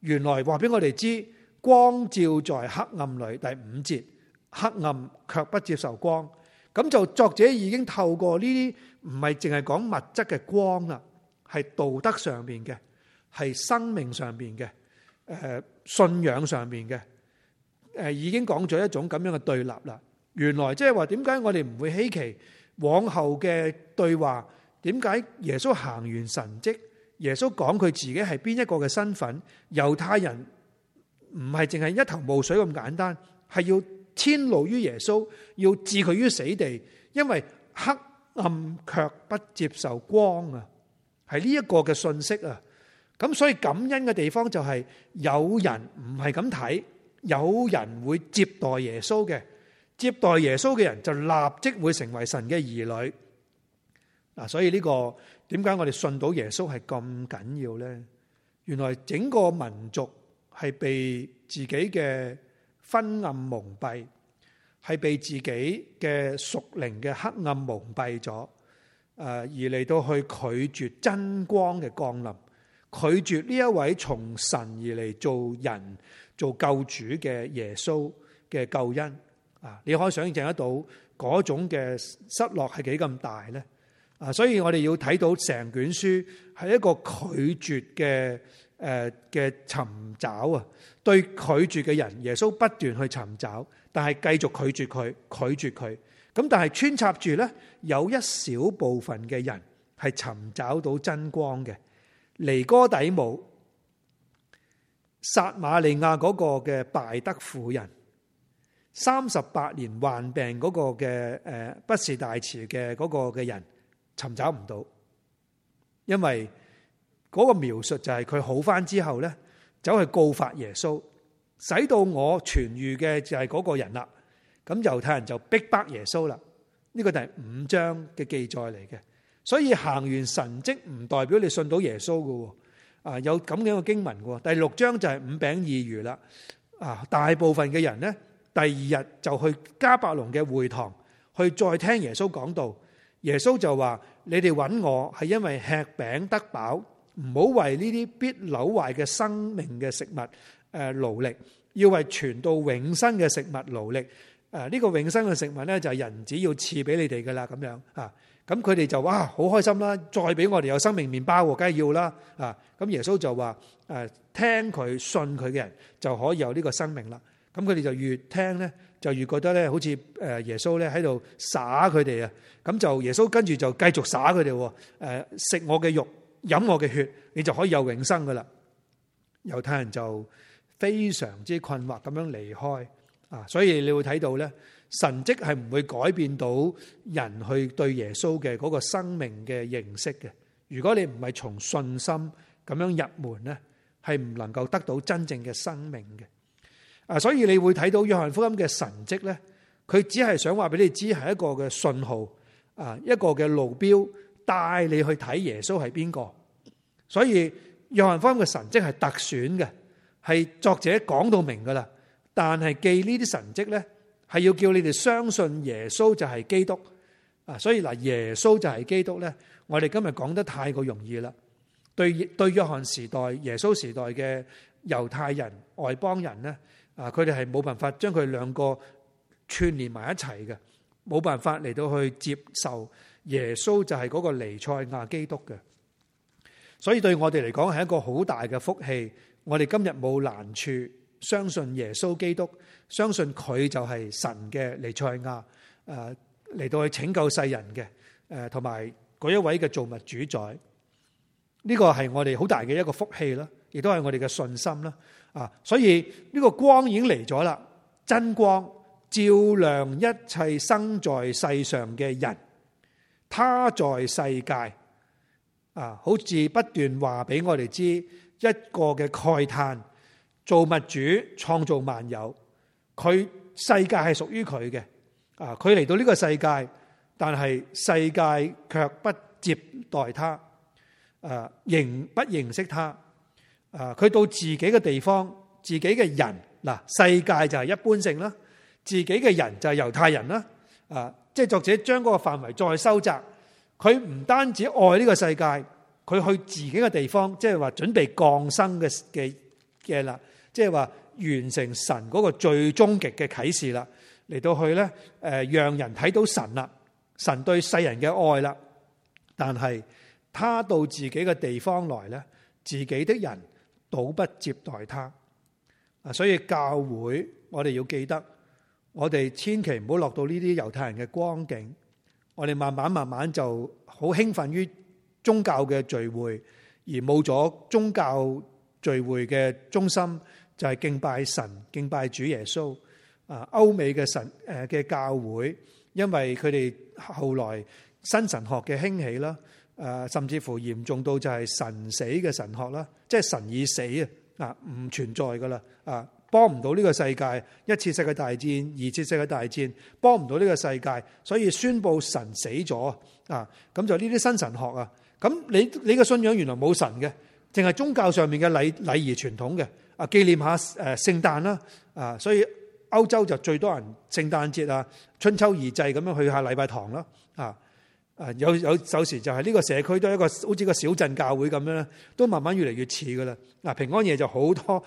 原來話俾我哋知，光照在黑暗裏，第五節，黑暗卻不接受光。咁就作者已經透過呢啲唔係淨係講物質嘅光啦，係道德上邊嘅，係生命上邊嘅，誒信仰上邊嘅，誒已經講咗一種咁樣嘅對立啦。原來即係話點解我哋唔會稀奇往後嘅對話？點解耶穌行完神蹟，耶穌講佢自己係邊一個嘅身份？猶太人唔係淨係一頭霧水咁簡單，係要。遷怒於耶穌，要置佢於死地，因為黑暗卻不接受光啊！係呢一個嘅信息啊！咁所以感恩嘅地方就係有人唔係咁睇，有人會接待耶穌嘅，接待耶穌嘅人就立即會成為神嘅兒女。嗱，所以呢個點解我哋信到耶穌係咁緊要呢？原來整個民族係被自己嘅。昏暗蒙蔽，係被自己嘅屬靈嘅黑暗蒙蔽咗，誒，而嚟到去拒絕真光嘅降臨，拒絕呢一位從神而嚟做人、做救主嘅耶穌嘅救恩，啊，你可以想象得到嗰種嘅失落係幾咁大呢？啊，所以我哋要睇到成卷書係一個拒絕嘅。誒嘅尋找啊，對拒絕嘅人，耶穌不斷去尋找，但係繼續拒絕佢，拒絕佢。咁但係穿插住咧，有一小部分嘅人係尋找到真光嘅，尼哥底母、撒瑪利亞嗰個嘅敗德婦人、三十八年患病嗰個嘅誒，畢士大池嘅嗰個嘅人，尋找唔到，因為。嗰個描述就係佢好返之後咧，走去告發耶穌，使到我痊愈嘅就係嗰個人啦。咁猶太人就逼迫耶穌啦。呢個就係五章嘅記載嚟嘅，所以行完神跡唔代表你信到耶穌噶喎。啊，有咁樣嘅經文嘅。第六章就係五餅二魚啦。啊，大部分嘅人咧，第二日就去迦百農嘅會堂去再聽耶穌講道。耶穌就話：你哋揾我係因為吃餅得飽。唔好為呢啲必朽壞嘅生命嘅食物誒勞力，要為存到永生嘅食物勞力。誒、這、呢個永生嘅食物咧就係人子要賜俾你哋噶啦咁樣，樣他們說啊。咁佢哋就哇好開心啦，再俾我哋有生命麵包，梗係要啦啊。咁耶穌就話誒、啊、聽佢信佢嘅人就可以有呢個生命啦。咁佢哋就越聽咧就越覺得咧好似誒耶穌咧喺度耍佢哋啊。咁就耶穌跟住就繼續耍佢哋，誒、啊、食我嘅肉，飲我嘅血，你就可以有永生噶啦。猶太人就非常之困惑咁樣離開啊，所以你會睇到咧，神蹟係唔會改變到人去對耶穌嘅嗰個生命嘅認識嘅。如果你唔係從信心咁樣入門咧，係唔能夠得到真正嘅生命嘅。啊，所以你會睇到約翰福音嘅神蹟咧，佢只係想話俾你知係一個嘅信號啊，一個嘅路標。帶你去睇耶穌係邊個，所以約翰福音嘅神蹟係特選嘅，係作者講到明噶啦。但係記呢啲神蹟呢，係要叫你哋相信耶穌就係基督啊。所以嗱，耶穌就係基督呢，我哋今日講得太過容易啦。對對，約翰時代、耶穌時代嘅猶太人、外邦人呢，啊，佢哋係冇辦法將佢兩個串聯埋一齊嘅，冇辦法嚟到去接受。耶穌就係嗰個彌賽亞基督嘅，所以對我哋嚟講係一個好大嘅福氣。我哋今日冇難處，相信耶穌基督，相信佢就係神嘅彌賽亞，誒嚟到去拯救世人嘅，誒同埋嗰一位嘅造物主宰。呢個係我哋好大嘅一個福氣啦，亦都係我哋嘅信心啦。啊，所以呢個光已經嚟咗啦，真光照亮一切生在世上嘅人。他在世界啊，好似不斷話俾我哋知一個嘅慨嘆，造物主創造萬有，佢世界係屬於佢嘅啊！佢嚟到呢個世界，但係世界卻不接待他，誒，認不認識他？誒，佢到自己嘅地方，自己嘅人嗱，世界就係一般性啦，自己嘅人就係猶太人啦，啊。即係作者將嗰個範圍再收窄，佢唔單止愛呢個世界，佢去自己嘅地方，即係話準備降生嘅嘅嘅啦，即係話完成神嗰個最終極嘅啟示啦。嚟到去咧，誒，讓人睇到神啦，神對世人嘅愛啦。但係他到自己嘅地方來咧，自己的人倒不接待他。啊，所以教會我哋要記得。我哋千祈唔好落到呢啲猶太人嘅光景，我哋慢慢慢慢就好興奮於宗教嘅聚會，而冇咗宗教聚會嘅中心就係敬拜神、敬拜主耶穌。啊，歐美嘅神誒嘅教會，因為佢哋後來新神學嘅興起啦，誒甚至乎嚴重到就係神死嘅神學啦，即係神已死啊，啊唔存在㗎喇啊！幫唔到呢個世界，一次世界大戰，二次世界大戰，幫唔到呢個世界，所以宣布神死咗啊！咁就呢啲新神學啊，咁你你嘅信仰原來冇神嘅，淨係宗教上面嘅禮禮儀傳統嘅啊，紀念下誒聖誕啦啊，所以歐洲就最多人聖誕節啊，春秋二祭咁樣去下禮拜堂啦啊。啊，有有有時就係呢個社區都係一個好似個小鎮教會咁樣咧，都慢慢越嚟越似噶啦。嗱，平安夜就好多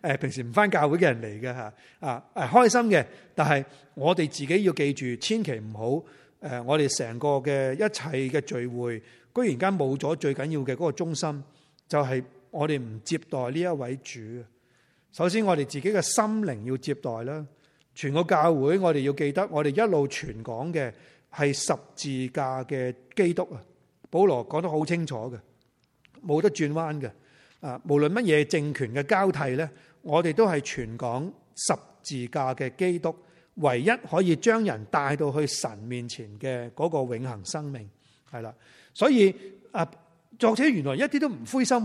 誒平時唔返教會嘅人嚟嘅嚇啊，誒開心嘅，但係我哋自己要記住，千祈唔好誒我哋成個嘅一切嘅聚會，居然間冇咗最緊要嘅嗰個中心，就係我哋唔接待呢一位主。首先我哋自己嘅心靈要接待啦，全個教會我哋要記得，我哋一路全港嘅。係十字架嘅基督啊！保羅講得好清楚嘅，冇得轉彎嘅。啊，無論乜嘢政權嘅交替咧，我哋都係全港十字架嘅基督，唯一可以將人帶到去神面前嘅嗰個永恆生命係啦。所以啊，作者原來一啲都唔灰心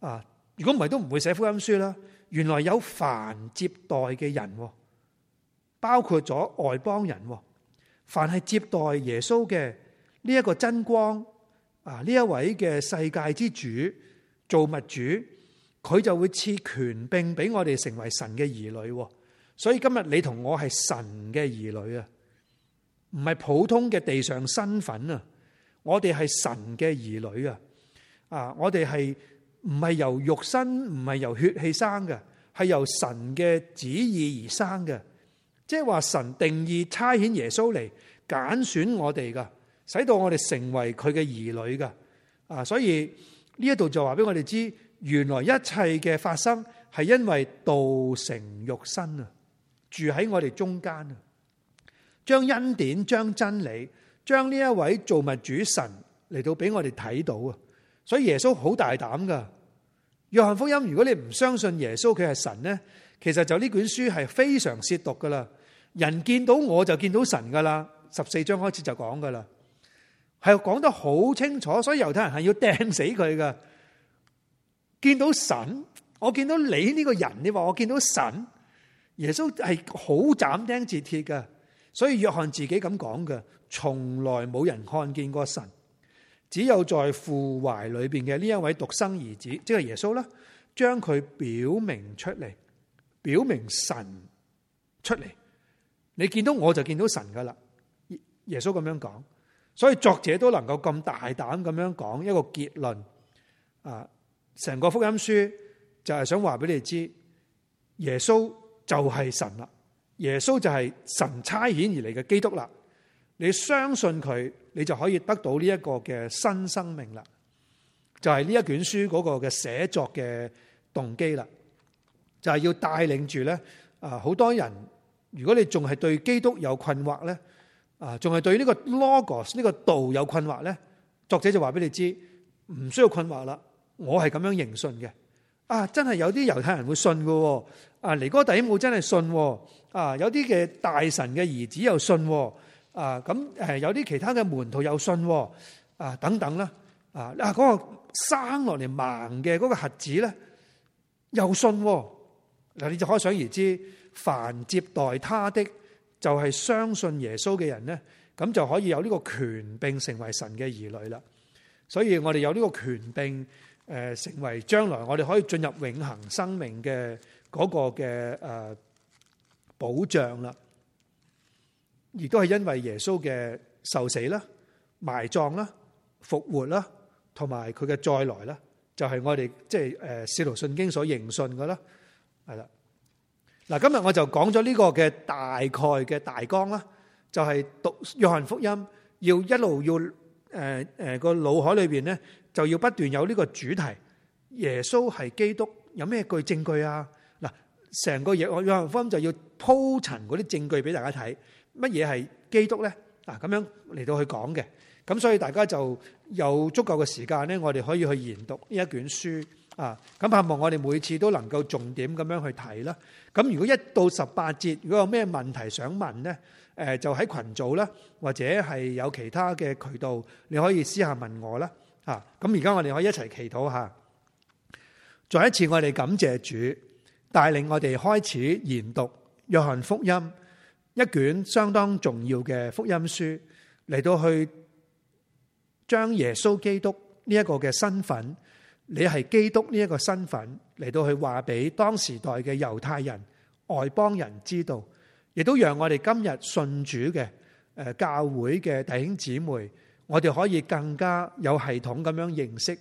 啊！如果唔係，都唔會寫福音書啦。原來有凡接待嘅人，包括咗外邦人。凡係接待耶穌嘅呢一個真光啊，呢一位嘅世界之主造物主，佢就會賜權柄俾我哋成為神嘅兒女。所以今日你同我係神嘅兒女啊，唔係普通嘅地上身份啊，我哋係神嘅兒女啊。啊，我哋係唔係由肉身，唔係由血氣生嘅，係由神嘅旨意而生嘅。即係話神定義差遣耶穌嚟揀選我哋噶，使到我哋成為佢嘅兒女噶。啊，所以呢一度就話俾我哋知，原來一切嘅發生係因為道成肉身啊，住喺我哋中間啊，將恩典、將真理、將呢一位造物主神嚟到俾我哋睇到啊。所以耶穌好大膽噶。約翰福音，如果你唔相信耶穌佢係神咧，其實就呢卷書係非常褻瀆噶啦。人見到我就見到神噶啦，十四章開始就講噶啦，係講得好清楚。所以猶太人係要掟死佢噶。見到神，我見到你呢個人，你話我見到神，耶穌係好斬釘截鐵噶。所以約翰自己咁講噶，從來冇人看見過神，只有在父懷裏邊嘅呢一位獨生兒子，即係耶穌啦，將佢表明出嚟，表明神出嚟。你見到我就見到神噶啦，耶穌咁樣講，所以作者都能夠咁大膽咁樣講一個結論啊，成個福音書就係想話俾你知，耶穌就係神啦，耶穌就係神，神差遣而嚟嘅基督啦，你相信佢，你就可以得到呢一個嘅新生命啦，就係呢一卷書嗰個嘅寫作嘅動機啦，就係要帶領住咧啊，好多人。如果你仲係對基督有困惑咧，啊，仲係對呢個 Logos 呢個道有困惑咧，作者就話俾你知，唔需要困惑啦。我係咁樣認信嘅。啊，真係有啲猶太人會信嘅，啊，尼哥底母真係信，啊，有啲嘅大臣嘅兒子又信，啊，咁誒有啲其他嘅門徒又信，啊，等等啦，啊，嗰、嗰個生落嚟盲嘅嗰個瞎子咧又信，嗱，你就可想而知。凡接待他的，就係相信耶穌嘅人咧，咁就可以有呢個權柄成為神嘅兒女啦。所以我哋有呢個權柄誒成為將來我哋可以進入永恆生命嘅嗰個嘅誒保障啦。亦都係因為耶穌嘅受死啦、埋葬啦、復活啦，同埋佢嘅再來啦，就係我哋即係誒使徒信經所認信嘅啦。係啦。嗱，今日我就講咗呢個嘅大概嘅大綱啦，呃呃、就係讀、啊《約翰福音》，要一路要誒誒個腦海裏邊咧，就要不斷有呢個主題，耶穌係基督，有咩句證據啊？嗱，成個《約約翰福音》就要鋪陳嗰啲證據俾大家睇，乜嘢係基督咧？嗱，咁樣嚟到去講嘅，咁所以大家就有足夠嘅時間咧，我哋可以去研讀呢一卷書。啊！咁盼望我哋每次都能夠重點咁樣去睇啦。咁如果一到十八節，如果有咩問題想問呢？誒就喺群組啦，或者係有其他嘅渠道，你可以私下問我啦。啊！咁而家我哋可以一齊祈禱下，再一次，我哋感謝主帶領我哋開始研讀《約翰福音》，一卷相當重要嘅福音書嚟到去將耶穌基督呢一個嘅身份。你係基督呢一個身份嚟到去話俾當時代嘅猶太人、外邦人知道，亦都讓我哋今日信主嘅誒教會嘅弟兄姊妹，我哋可以更加有系統咁樣認識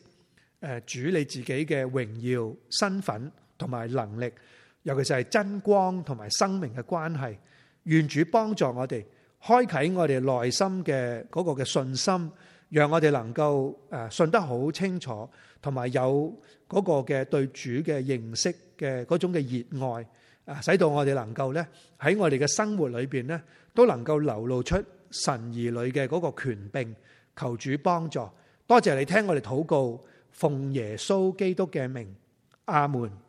誒主你自己嘅榮耀、身份同埋能力，尤其是係真光同埋生命嘅關係。願主幫助我哋開啟我哋內心嘅嗰個嘅信心，讓我哋能夠誒信得好清楚。同埋有嗰個嘅對主嘅認識嘅嗰種嘅熱愛，啊，使到我哋能夠咧喺我哋嘅生活裏邊咧，都能夠流露出神兒女嘅嗰個權柄，求主幫助。多謝你聽我哋禱告，奉耶穌基督嘅名，阿門。